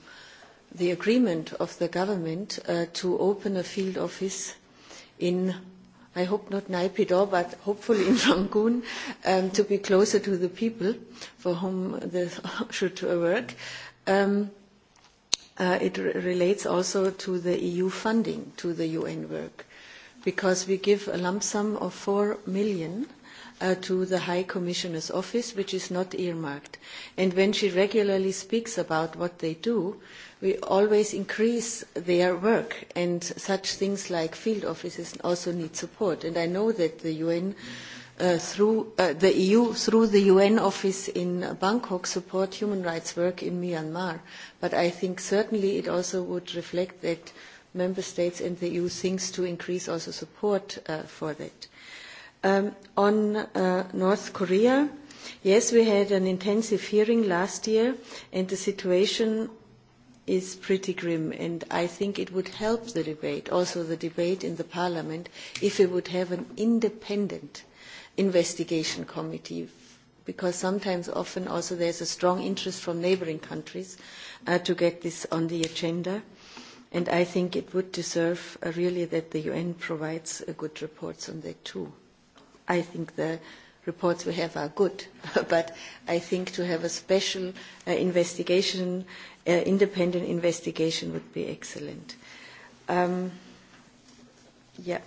the agreement of the government uh, to open a field office in, I hope not Naypyidaw, but hopefully in [laughs] Rangoon, um, to be closer to the people for whom this [laughs] should work. Um, uh, it re relates also to the EU funding to the UN work because we give a lump sum of 4 million uh, to the High Commissioner's office, which is not earmarked. And when she regularly speaks about what they do, we always increase their work, and such things like field offices also need support. And I know that the UN. Uh, through uh, the EU, through the UN office in Bangkok, support human rights work in Myanmar. But I think certainly it also would reflect that member states and the EU thinks to increase also support uh, for that. Um, on uh, North Korea, yes, we had an intensive hearing last year, and the situation is pretty grim, and I think it would help the debate, also the debate in the parliament, if we would have an independent investigation committee because sometimes often also there's a strong interest from neighboring countries uh, to get this on the agenda. And I think it would deserve uh, really that the UN provides uh, good reports on that too. I think the reports we have are good, [laughs] but I think to have a special uh, investigation, uh, independent investigation would be excellent. Um, yeah.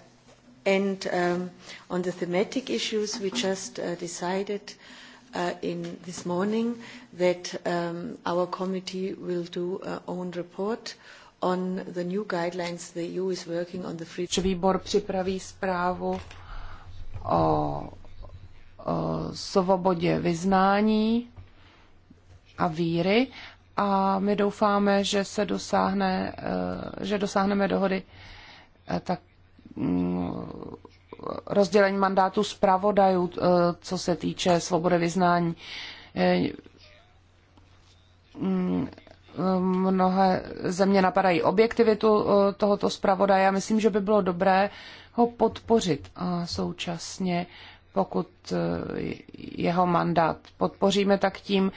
And um, on the thematic issues, we just uh, decided uh, in this morning that um, our committee will do our uh, own report on the new guidelines the EU is working on the free... Výbor připraví zprávu o svobodě vyznání a víry a my doufáme, že se dosáhne, eh, že dosáhneme dohody eh, tak mm, rozdělení mandátu zpravodajů, eh, co se týče svobody vyznání. Mm, mnohé země napadají objektivitu eh, tohoto zpravodaje. Myslím, že by bylo dobré ho podpořit a eh, současně pokud eh, jeho mandát podpoříme, tak tím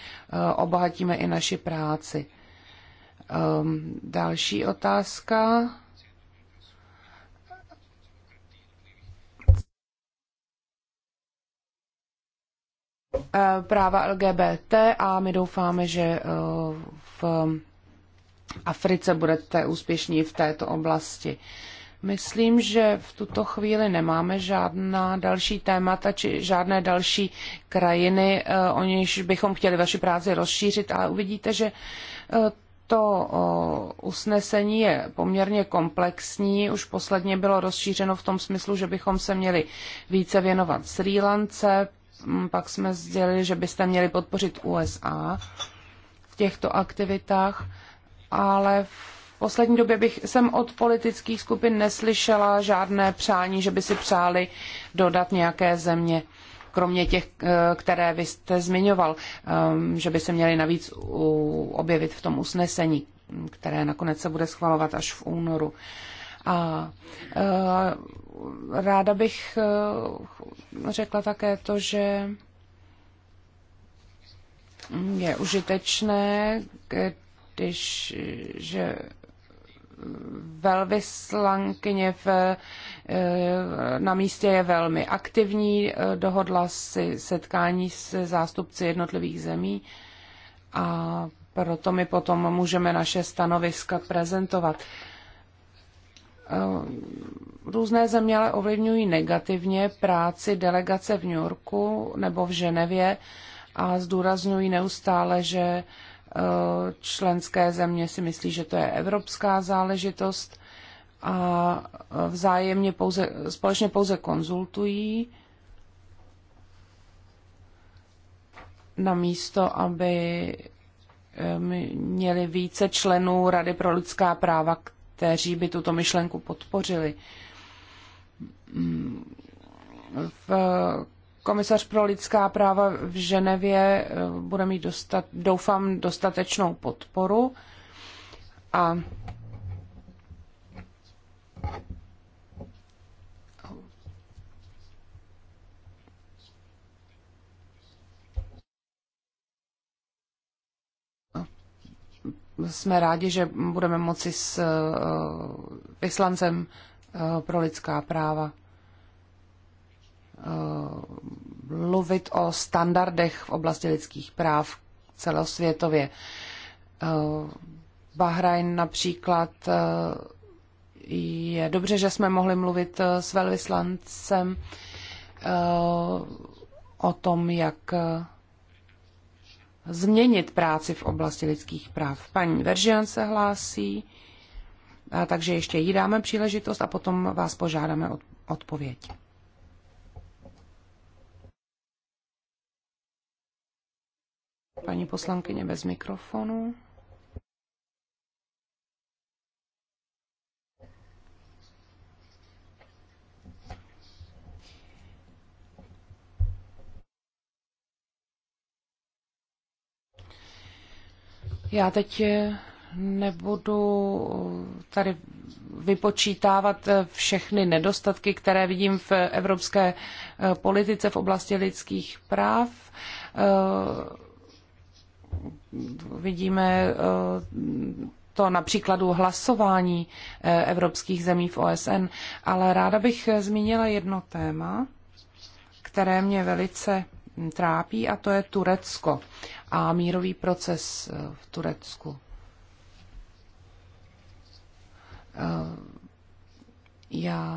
obohatíme i naši práci. Ehm, další otázka. práva LGBT a my doufáme, že v um, Africe budete úspěšní v této oblasti. Myslím, že v tuto chvíli nemáme žádná další témata či žádné další krajiny, eh, o nichž bychom chtěli vaši práci rozšířit, ale uvidíte, že eh, to usnesení je poměrně komplexní. Už posledně bylo rozšířeno v tom smyslu, že bychom se měli více věnovat Sri Lance, pak jsme sdělili, že byste měli podpořit USA těchto aktivitách, ale v poslední době bych, jsem od politických skupin neslyšela žádné přání, že by si přáli dodat nějaké země kromě těch, eh, které vy jste zmiňoval, ehm, že by se měly navíc objevit v tom usnesení, které nakonec se bude schvalovat až v únoru. A eh, ráda bych eh, řekla také to, že je užitečné, když že velvyslankyně v, eh, na místě je velmi aktivní, eh, dohodla si setkání se zástupci jednotlivých zemí a proto my potom můžeme naše stanoviska prezentovat. Eh, různé země ale ovlivňují negativně práci delegace v New Yorku nebo v Ženevě a zdůrazňují neustále, že eh, členské země si myslí, že to je evropská záležitost a eh, vzájemně pouze, společně pouze konzultují na místo, aby eh, měli více členů Rady pro lidská práva, kteří by tuto myšlenku podpořili. V komisař pro lidská práva v Ženevě eh, bude mít, dostat, doufám, dostatečnou podporu. A jsme rádi, že budeme moci s eh, vyslancem eh, pro lidská práva Eh, mluvit o standardech v oblasti lidských práv celosvětově. Eh, Bahrajn například eh, je dobře, že jsme mohli mluvit s velvyslancem o tom, jak změnit práci v oblasti lidských práv. Paní Veržian se hlásí, takže ještě jí dáme příležitost a potom vás požádáme o odpověď. Paní poslankyně bez mikrofonu. Já teď eh, nebudu eh, tady vypočítávat eh, všechny nedostatky, které vidím v evropské politice v oblasti lidských práv. Vidíme eh, to na příkladu hlasování eh, evropských zemí v OSN, ale ráda bych eh, zmínila jedno téma, které mě velice trápí, a to je Turecko a mírový proces v Turecku. Já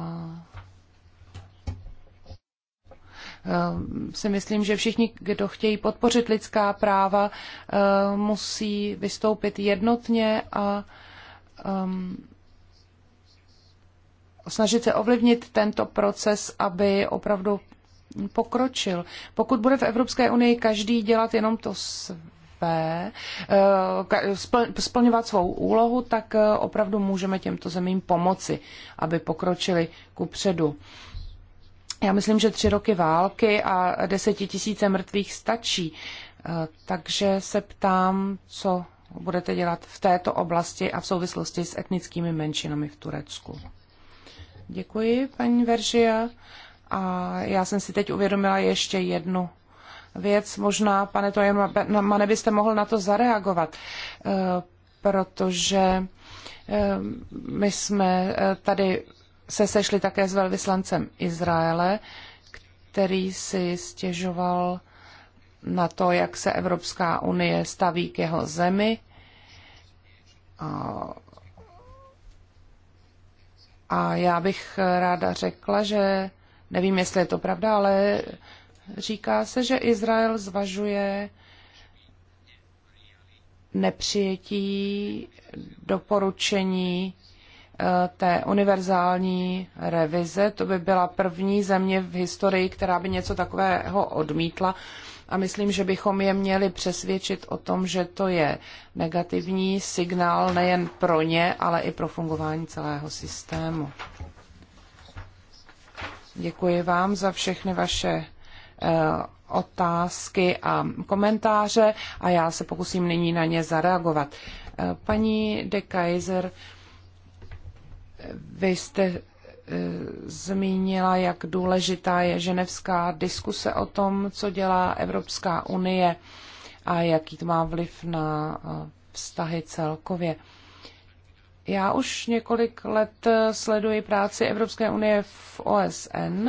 Eh, si myslím, že všichni, kdo chtějí podpořit lidská práva, eh, musí vystoupit jednotně a ehm, snažit se ovlivnit tento proces, aby opravdu pokročil. Pokud bude v Evropské unii každý dělat jenom to své, eh, splňovat svou úlohu, tak opravdu můžeme těmto zemím pomoci, aby pokročili ku předu. Já myslím, že tři roky války a desetitisíce mrtvých stačí. Eh, takže se ptám, co budete dělat v této oblasti a v souvislosti s etnickými menšinami v Turecku. Děkuji, paní Veržia. A já jsem si teď uvědomila ještě jednu věc. Možná, pane Tojemane, byste mohl na to zareagovat, eh, protože eh, my jsme tady se sešli také s velvyslancem Izraele, který si stěžoval na to, jak se Evropská unie staví k jeho zemi. A já bych ráda řekla, že nevím, jestli je to pravda, ale říká se, že Izrael zvažuje nepřijetí doporučení té univerzální revize. To by byla první země v historii, která by něco takového odmítla. A myslím, že bychom je měli přesvědčit o tom, že to je negativní signál nejen pro ně, ale i pro fungování celého systému. Děkuji vám za všechny vaše eh, otázky a komentáře a já se pokusím nyní na ně zareagovat. Eh, paní de Kaiser, vy jste eh, zmínila, jak důležitá je ženevská diskuse o tom, co dělá Evropská unie a jaký to má vliv na eh, vztahy celkově. Já už několik let eh, sleduji práci Evropské unie v OSN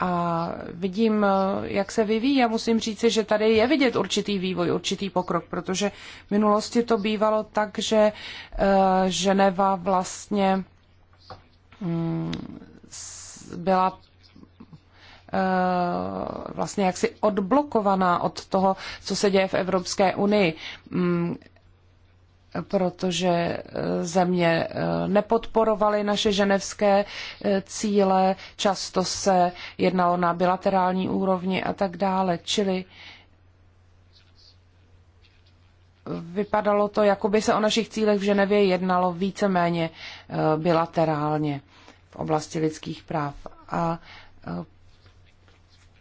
a vidím, jak se vyvíjí a musím říct, že tady je vidět určitý vývoj, určitý pokrok, protože v minulosti to bývalo tak, že eh, Ženeva vlastně mm, byla eh, vlastně jaksi odblokovaná od toho, co se děje v Evropské unii. Mm, protože e, země e, nepodporovaly naše ženevské e, cíle, často se jednalo na bilaterální úrovni a tak dále. Čili vypadalo to, jako by se o našich cílech v Ženevě jednalo víceméně bilaterálně v oblasti lidských práv. A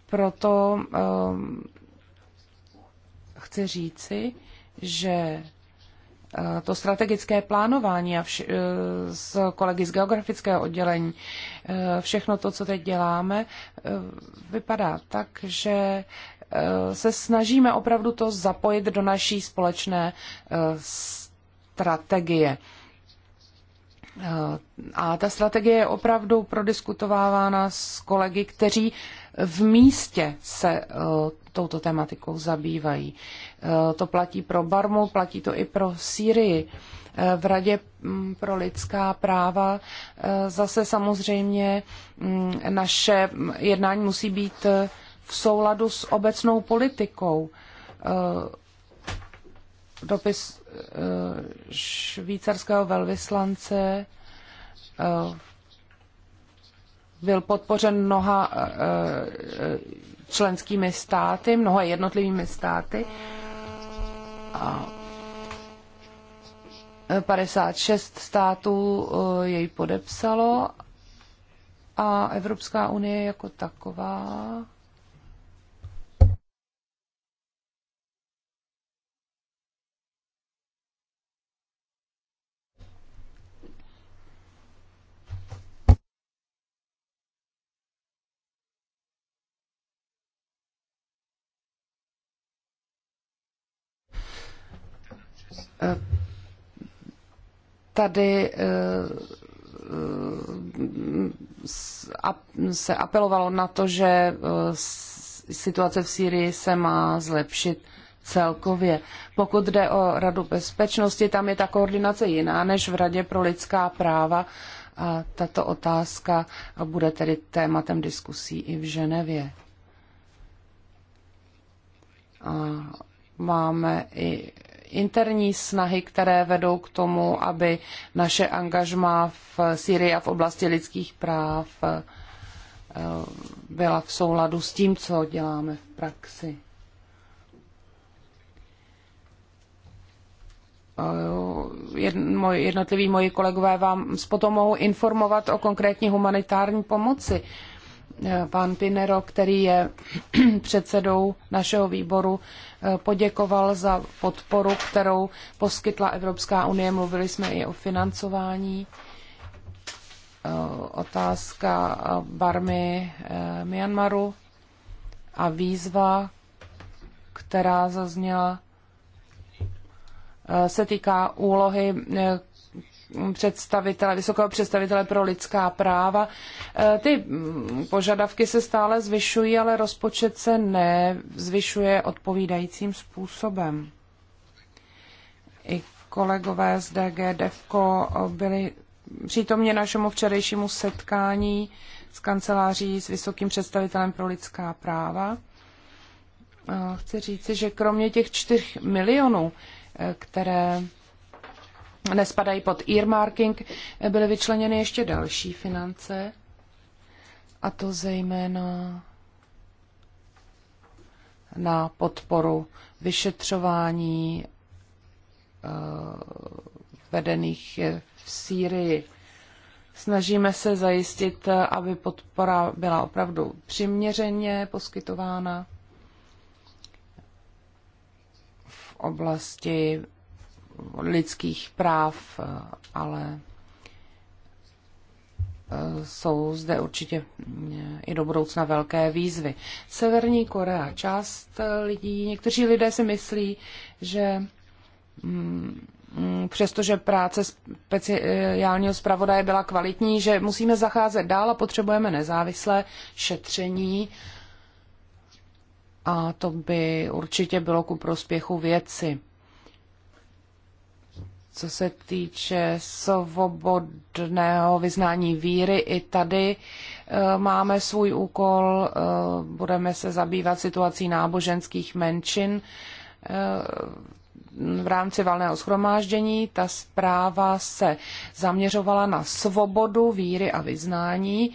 proto chci říci, že Eh, to strategické plánování a vš- eh, s kolegy z geografického oddělení, eh, všechno to, co teď děláme, vypadá tak, že se snažíme opravdu to zapojit do naší společné strategie. A ta strategie je opravdu prodiskutovávána s kolegy, kteří v místě se touto tematikou zabývají. Eh, to platí pro Barmu, platí to i pro Sýrii. Eh, v Radě mm, pro lidská práva eh, zase samozřejmě mm, naše mm, jednání musí být v souladu s obecnou politikou. Dopis švýcarského velvyslance v byl podpořen mnoha eh, eh, členskými státy, mnoha jednotlivými státy. A 56 států eh, jej podepsalo a Evropská unie jako taková tady eh, se apelovalo na to, že eh, situace v Sýrii se má zlepšit celkově. Pokud jde o Radu bezpečnosti, tam je ta koordinace jiná než v Radě pro lidská práva a tato otázka bude tedy tématem diskusí i v Ženevě. A máme i interní snahy, které vedou k tomu, aby naše angažma v Syrii a v oblasti lidských práv eh, byla v souladu s tím, co děláme v praxi. Eh, jednotliví moji kolegové vám potom mohou informovat o konkrétní humanitární pomoci, pan Pinero, který je [clears throat] předsedou našeho výboru, eh, poděkoval za podporu, kterou poskytla Evropská unie. Mluvili jsme i o financování. Eh, otázka eh, barmy Myanmaru a výzva, která zazněla, se týká úlohy představitele, vysokého představitele pro lidská práva. E, ty mm, požadavky se stále zvyšují, ale rozpočet se nezvyšuje odpovídajícím způsobem. I kolegové z DG Devko byli přítomně našemu včerejšímu setkání s kanceláří s vysokým představitelem pro lidská práva. E, chci říci, že kromě těch čtyř milionů, e, které nespadají pod earmarking, byly vyčleněny ještě další finance, a to zejména na podporu vyšetřování eh, vedených v Sýrii. Snažíme se zajistit, aby podpora byla opravdu přiměřeně poskytována v oblasti lidských práv, eh, ale eh, jsou zde určitě mm, i do budoucna velké výzvy. Severní Korea. Část eh, lidí, někteří lidé si myslí, že mm, přestože práce speciálního zpravodaje byla kvalitní, že musíme zacházet dál a potřebujeme nezávislé šetření. A to by určitě bylo ku prospěchu věci co se týče svobodného vyznání víry, i tady e, máme svůj úkol, e, budeme se zabývat situací náboženských menšin e, v rámci valného schromáždění. Ta zpráva se zaměřovala na svobodu víry a vyznání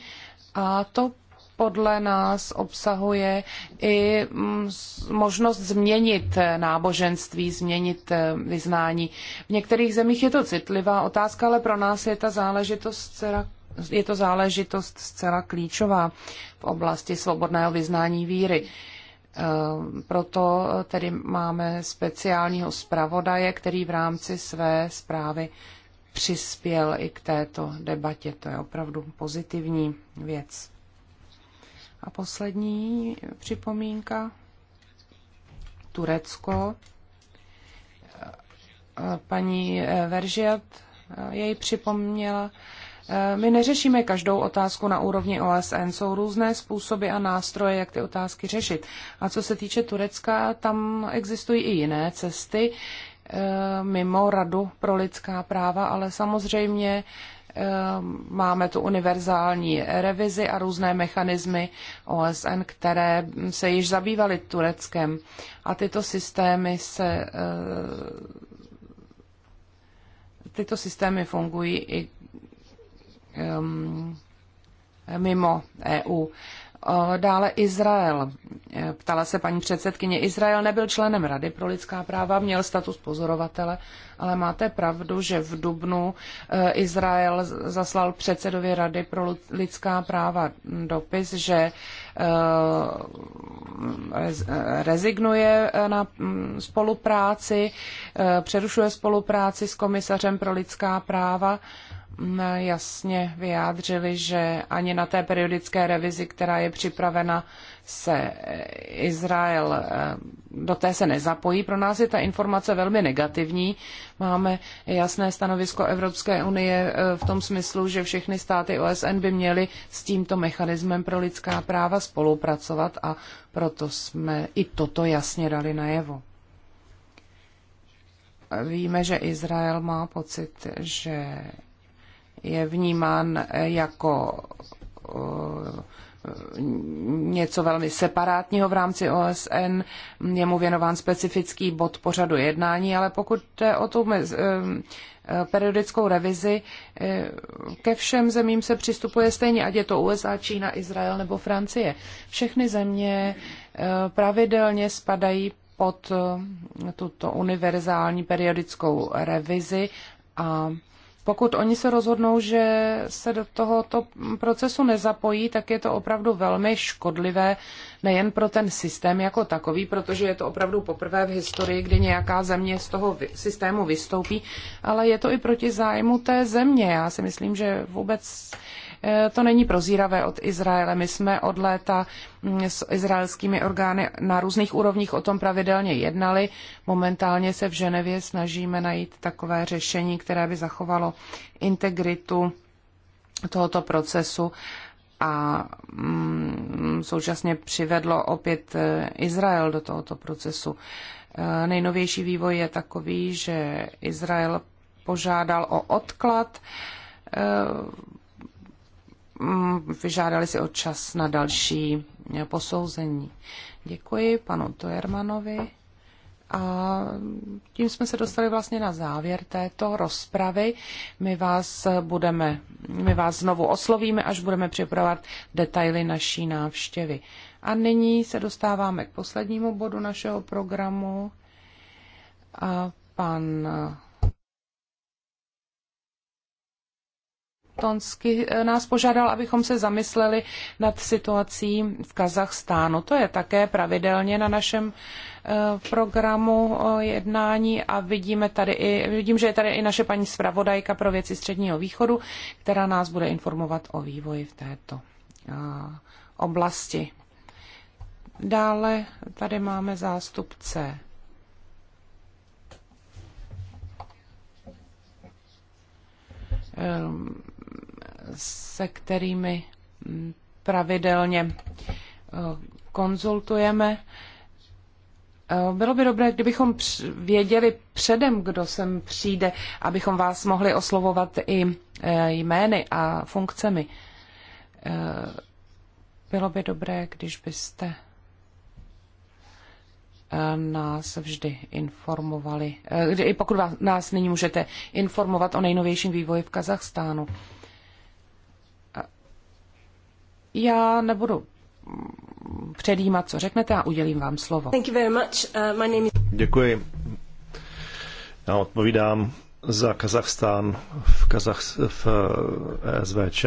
a to podle nás obsahuje i mm, možnost změnit eh, náboženství, změnit eh, vyznání. V některých zemích je to citlivá otázka, ale pro nás je ta záležitost zcela je to záležitost zcela klíčová v oblasti svobodného vyznání víry. Eh, proto tedy máme speciálního zpravodaje, který v rámci své zprávy přispěl i k této debatě. To je opravdu pozitivní věc. A poslední připomínka. Turecko. Paní Veržiat jej připomněla. My neřešíme každou otázku na úrovni OSN. Jsou různé způsoby a nástroje, jak ty otázky řešit. A co se týče Turecka, tam existují i jiné cesty, Eh, mimo Radu pro lidská práva, ale samozřejmě eh, máme tu univerzální revizi a různé mechanismy OSN, které se již zabývaly Tureckem. A tyto systémy se eh, tyto systémy fungují i ehm, mimo EU. Dále Izrael. E, ptala se paní předsedkyně, Izrael nebyl členem Rady pro lidská práva, měl status pozorovatele, ale máte pravdu, že v Dubnu e, Izrael zaslal předsedovi Rady pro lidská práva dopis, že e, rezignuje na spolupráci, přerušuje spolupráci s komisařem pro lidská práva jasně vyjádřili, že ani na té periodické revizi, která je připravena, se Izrael eh, do té se nezapojí. Pro nás je ta informace velmi negativní. Máme jasné stanovisko Evropské unie eh, v tom smyslu, že všechny státy OSN by měly s tímto mechanismem pro lidská práva spolupracovat a proto jsme i toto jasně dali najevo. Víme, že Izrael má pocit, že je vnímán jako eh, něco velmi separátního v rámci OSN, je mu věnován specifický bod pořadu jednání, ale pokud jde o tu eh, eh, periodickou revizi, ke všem zemím se přistupuje stejně, ať je to USA, Čína, Izrael nebo Francie. Všechny země pravidelně spadají pod tuto univerzální periodickou revizi a pokud oni se rozhodnou, že se do tohoto procesu nezapojí, tak je to opravdu velmi škodlivé nejen pro ten systém jako takový, protože je to opravdu poprvé v historii, kdy nějaká země z toho systému vystoupí, ale je to i proti zájmu té země. Já si myslím, že vůbec Eh, to není prozíravé od Izraele. My jsme od léta mm, s izraelskými orgány na různých úrovních o tom pravidelně jednali. Momentálně se v Ženevě snažíme najít takové řešení, které by zachovalo integritu tohoto procesu a mm, současně přivedlo opět eh, Izrael do tohoto procesu. Eh, nejnovější vývoj je takový, že Izrael požádal o odklad Mm, vyžádali si o čas na další eh, posouzení. Děkuji panu Tojermanovi. A tím jsme se dostali vlastně na závěr této rozpravy. My vás, budeme, my vás znovu oslovíme, až budeme připravovat detaily naší návštěvy. A nyní se dostáváme k poslednímu bodu našeho programu. A pan Tonsky eh, nás požádal, abychom se zamysleli nad situací v Kazachstánu. To je také pravidelně na našem eh, programu eh, jednání a vidíme tady i, vidím, že je tady i naše paní zpravodajka pro věci Středního východu, která nás bude informovat o vývoji v této oblasti. Dále tady máme zástupce se kterými mm, pravidelně eh, konzultujeme. Eh, bylo by dobré, kdybychom věděli předem, kdo sem přijde, abychom vás mohli oslovovat i eh, jmény a funkcemi. Bylo by dobré, když byste nás vždy informovali, i pokud nás nyní můžete informovat o nejnovějším vývoji v Kazachstánu. Já nebudu předjímat, co řeknete a udělím vám slovo. Thank you very much. Uh, my name is... Děkuji. Já odpovídám za Kazachstán v, Kazach, v eh, SVČ.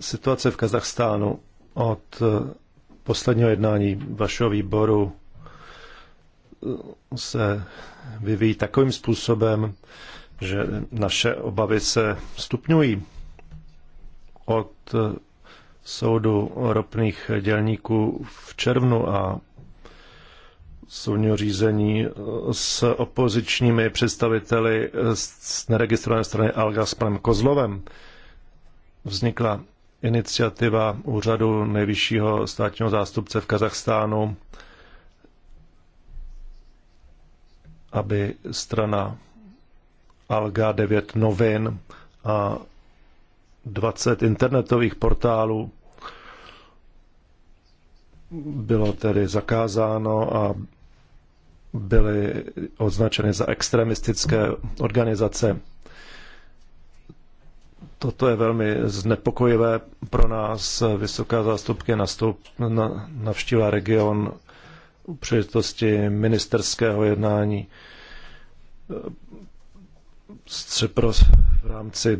Situace v Kazachstánu od eh, posledního jednání vašeho výboru eh, se vyvíjí takovým způsobem, že naše obavy se stupňují od soudu ropných dělníků v červnu a soudního řízení s opozičními představiteli z neregistrované strany Alga s panem Kozlovem vznikla iniciativa úřadu nejvyššího státního zástupce v Kazachstánu, aby strana Alga 9 novin a 20 internetových portálů bylo tedy zakázáno a byly označeny za extremistické organizace. Toto je velmi znepokojivé pro nás. Vysoká zástupky nastup, na, navštívila region u příležitosti ministerského jednání pro v rámci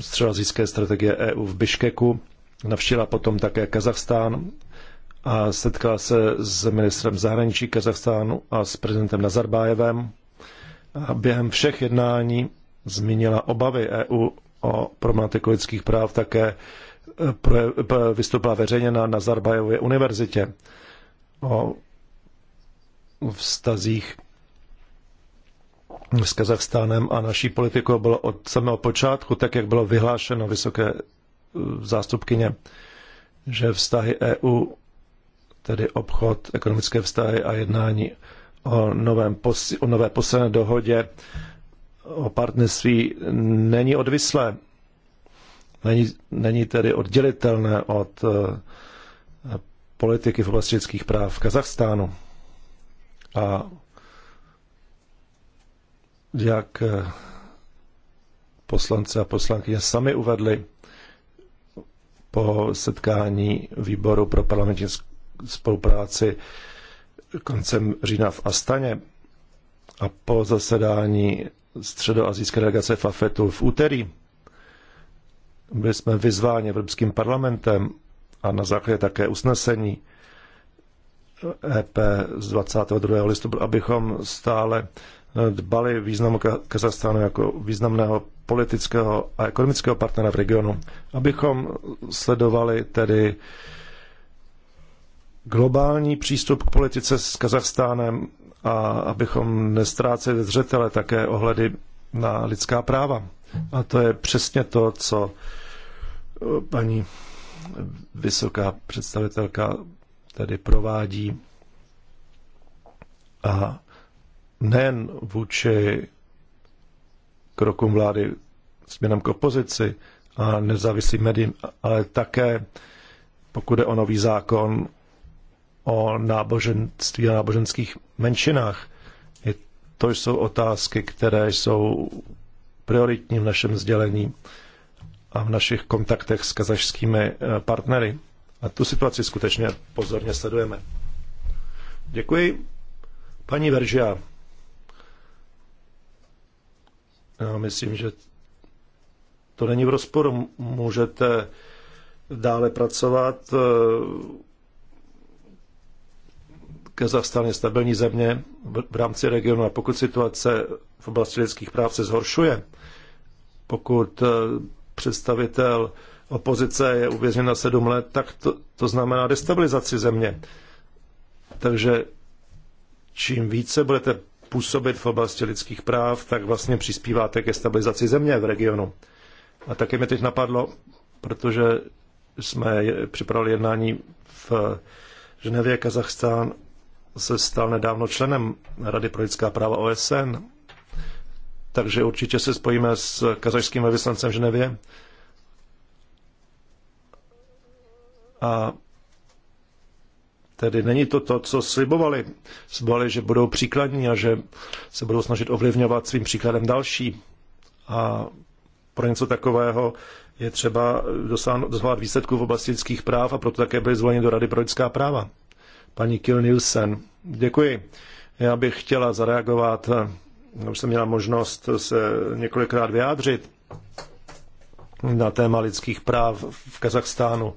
střelazické strategie EU v Biškeku. Navštívila potom také Kazachstán a setkala se s ministrem zahraničí Kazachstánu a s prezidentem Nazarbájevem. A během všech jednání zmínila obavy EU o problematiku lidských práv, také eh, vystoupila veřejně na Nazarbajově univerzitě o vztazích s Kazachstánem a naší politikou bylo od samého počátku, tak jak bylo vyhlášeno vysoké eh, zástupkyně, že vztahy EU, tedy obchod, ekonomické vztahy a jednání o, novém, o nové posledné dohodě o partnerství není odvislé, není, není tedy oddělitelné od eh, politiky v oblasti lidských práv v Kazachstánu. A jak eh, poslanci a poslankyně sami uvedli po setkání výboru pro parlamentní spolupráci koncem října v Astaně a po zasedání středoazijské delegace fafetu v úterý. Byli jsme vyzváni Evropským parlamentem a na základě také usnesení EP z 22. listopadu, abychom stále dbali významu Kazachstánu jako významného politického a ekonomického partnera v regionu, abychom sledovali tedy globální přístup k politice s Kazachstánem a abychom nestráceli zřetele také ohledy na lidská práva. A to je přesně to, co eh, paní vysoká představitelka tady provádí. A nejen vůči krokům vlády směrem k opozici a nezávislým médiím, ale také pokud je o nový zákon o náboženství a náboženských menšinách. je To jsou otázky, které jsou prioritní v našem sdělení a v našich kontaktech s kazašskými eh, partnery. A tu situaci skutečně pozorně sledujeme. Děkuji. Paní Veržia. Já myslím, že to není v rozporu. Můžete dále pracovat. Eh, Kazachstán je stabilní země v rámci regionu a pokud situace v oblasti lidských práv se zhoršuje, pokud eh, představitel opozice je uvězněn na sedm let, tak to, to znamená destabilizaci země. Takže čím více budete působit v oblasti lidských práv, tak vlastně přispíváte ke stabilizaci země v regionu. A taky mi teď napadlo, protože jsme připravili jednání v Ženevě, Kazachstán se stal nedávno členem Rady pro lidská práva OSN, takže určitě se spojíme s kazašským vyslancem v Ženevě. A Tedy není to to, co slibovali. Slibovali, že budou příkladní a že se budou snažit ovlivňovat svým příkladem další. A pro něco takového je třeba dosáhnout, výsledků v oblasti lidských práv a proto také byli zvoleni do Rady pro lidská práva. Paní Kill Nielsen, děkuji. Já bych chtěla zareagovat, už jsem měla možnost se několikrát vyjádřit na téma lidských práv v Kazachstánu.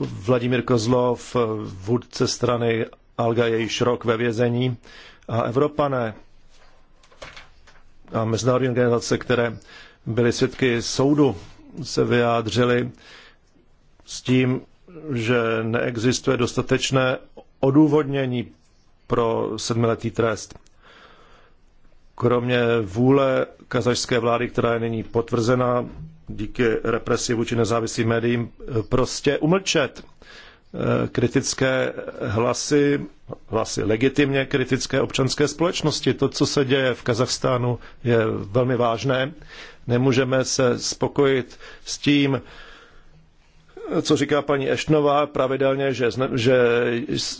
Vladimír Kozlov, vůdce strany Alga je již rok ve vězení a Evropané a mezinárodní organizace, které byly svědky soudu, se vyjádřili s tím, že neexistuje dostatečné odůvodnění pro sedmiletý trest. Kromě vůle kazašské vlády, která je nyní potvrzena, díky represi vůči nezávislým médiím eh, prostě umlčet eh, kritické hlasy, hlasy legitimně kritické občanské společnosti. To, co se děje v Kazachstánu, je velmi vážné. Nemůžeme se spokojit s tím, co říká paní Eštnová pravidelně, že, zne, že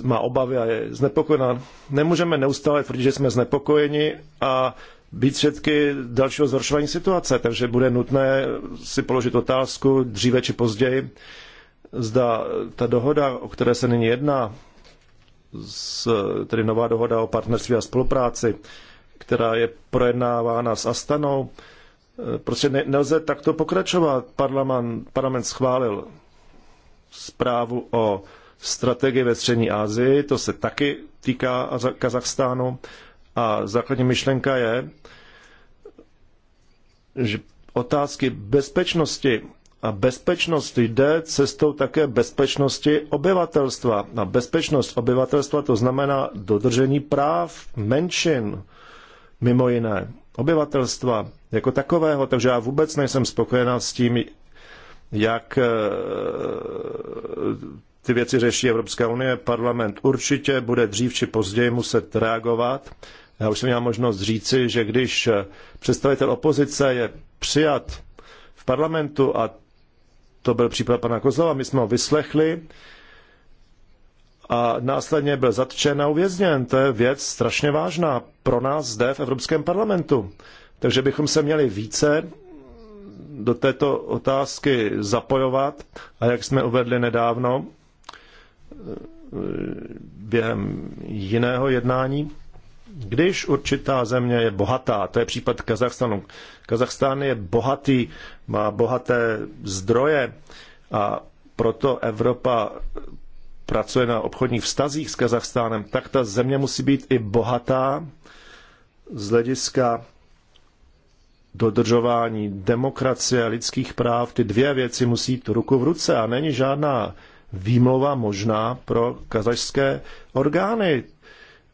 má obavy a je znepokojená. Nemůžeme neustále tvrdit, že jsme znepokojeni a být svědky dalšího zhoršování situace, takže bude nutné si položit otázku dříve či později, zda ta dohoda, o které se nyní jedná, z, tedy nová dohoda o partnerství a spolupráci, která je projednávána s Astanou, eh, prostě ne, nelze takto pokračovat. Parlament, parlament schválil zprávu o strategii ve Střední Asii, to se taky týká Kazachstánu a základní myšlenka je, že otázky bezpečnosti a bezpečnost jde cestou také bezpečnosti obyvatelstva. A bezpečnost obyvatelstva to znamená dodržení práv menšin, mimo jiné, obyvatelstva jako takového. Takže já vůbec nejsem spokojená s tím, jak eh, ty věci řeší Evropská unie. Parlament určitě bude dřív či později muset reagovat já už jsem měl možnost říci, že když eh, představitel opozice je přijat v parlamentu, a to byl případ pana Kozlova, my jsme ho vyslechli, a následně byl zatčen a uvězněn. To je věc strašně vážná pro nás zde v Evropském parlamentu. Takže bychom se měli více do této otázky zapojovat a jak jsme uvedli nedávno eh, během jiného jednání, když určitá země je bohatá, to je případ Kazachstanu. Kazachstán je bohatý, má bohaté zdroje a proto Evropa pracuje na obchodních vztazích s Kazachstánem, tak ta země musí být i bohatá z hlediska dodržování demokracie, a lidských práv. Ty dvě věci musí jít ruku v ruce a není žádná výmlova možná pro kazašské orgány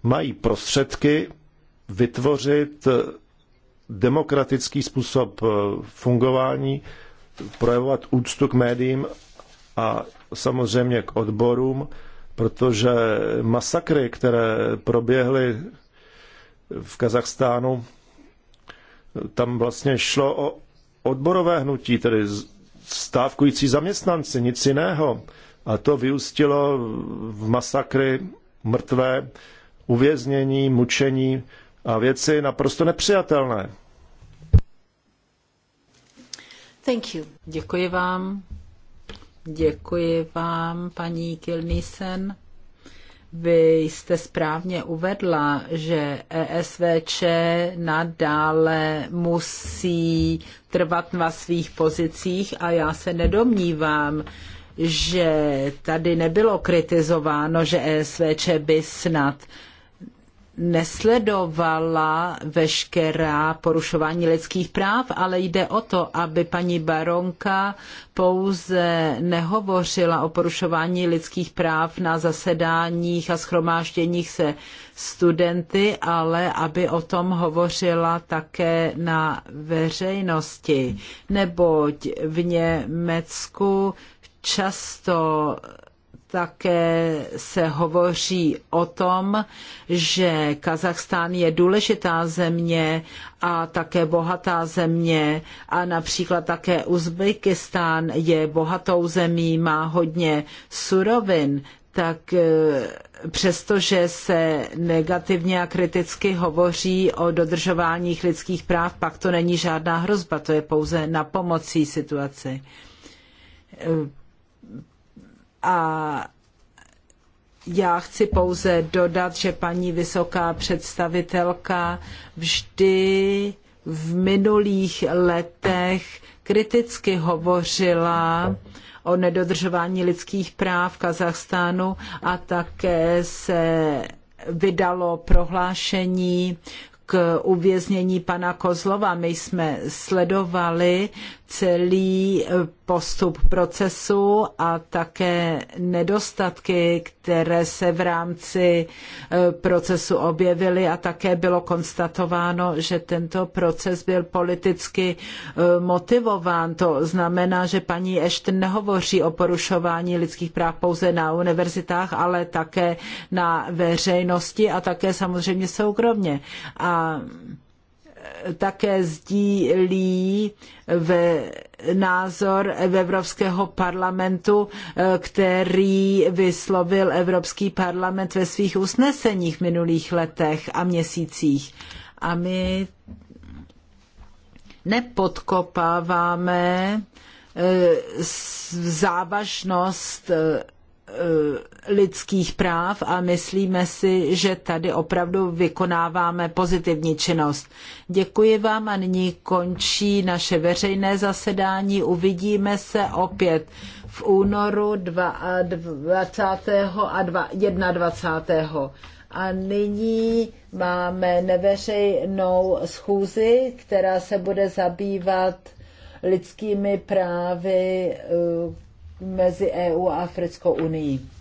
mají prostředky vytvořit demokratický způsob eh, fungování, projevovat úctu k médiím a samozřejmě k odborům, protože masakry, které proběhly v Kazachstánu, tam vlastně šlo o odborové hnutí, tedy stávkující zaměstnanci, nic jiného. A to vyústilo v masakry mrtvé uvěznění, mučení a věci naprosto nepřijatelné. Thank you. Děkuji vám. Děkuji vám, paní Kilnisen. Vy jste správně uvedla, že ESVČ nadále musí trvat na svých pozicích a já se nedomnívám, že tady nebylo kritizováno, že ESVČ by snad uh, nesledovala veškerá porušování lidských práv, ale jde o to, aby paní baronka pouze nehovořila o porušování lidských práv na zasedáních a schromážděních se studenty, ale aby o tom hovořila také na veřejnosti. Neboť v Německu často také se hovoří o tom, že Kazachstán je důležitá země a také bohatá země a například také Uzbekistán je bohatou zemí, má hodně surovin, tak e, přestože se negativně a kriticky hovoří o dodržování lidských práv, pak to není žádná hrozba, to je pouze na pomocí situaci e, a já chci pouze dodat, že paní vysoká představitelka vždy v minulých letech kriticky hovořila o nedodržování lidských práv v Kazachstánu a také se vydalo prohlášení k uvěznění pana Kozlova. My jsme sledovali celý eh, postup procesu a také nedostatky, které se v rámci eh, procesu objevily a také bylo konstatováno, že tento proces byl politicky eh, motivován. To znamená, že paní Ashton nehovoří o porušování lidských práv pouze na univerzitách, ale také na veřejnosti a také samozřejmě soukromně. A také sdílí v názor Evropského parlamentu, eh, který vyslovil Evropský parlament ve svých usneseních v minulých letech a měsících. A my nepodkopáváme eh, závažnost eh, Eh, lidských práv a myslíme si, že tady opravdu vykonáváme pozitivní činnost. Děkuji vám a nyní končí naše veřejné zasedání. Uvidíme se opět v únoru 22. a 21. A nyní máme neveřejnou schůzi, která se bude zabývat lidskými právy eh, mezi EU a Africkou unii.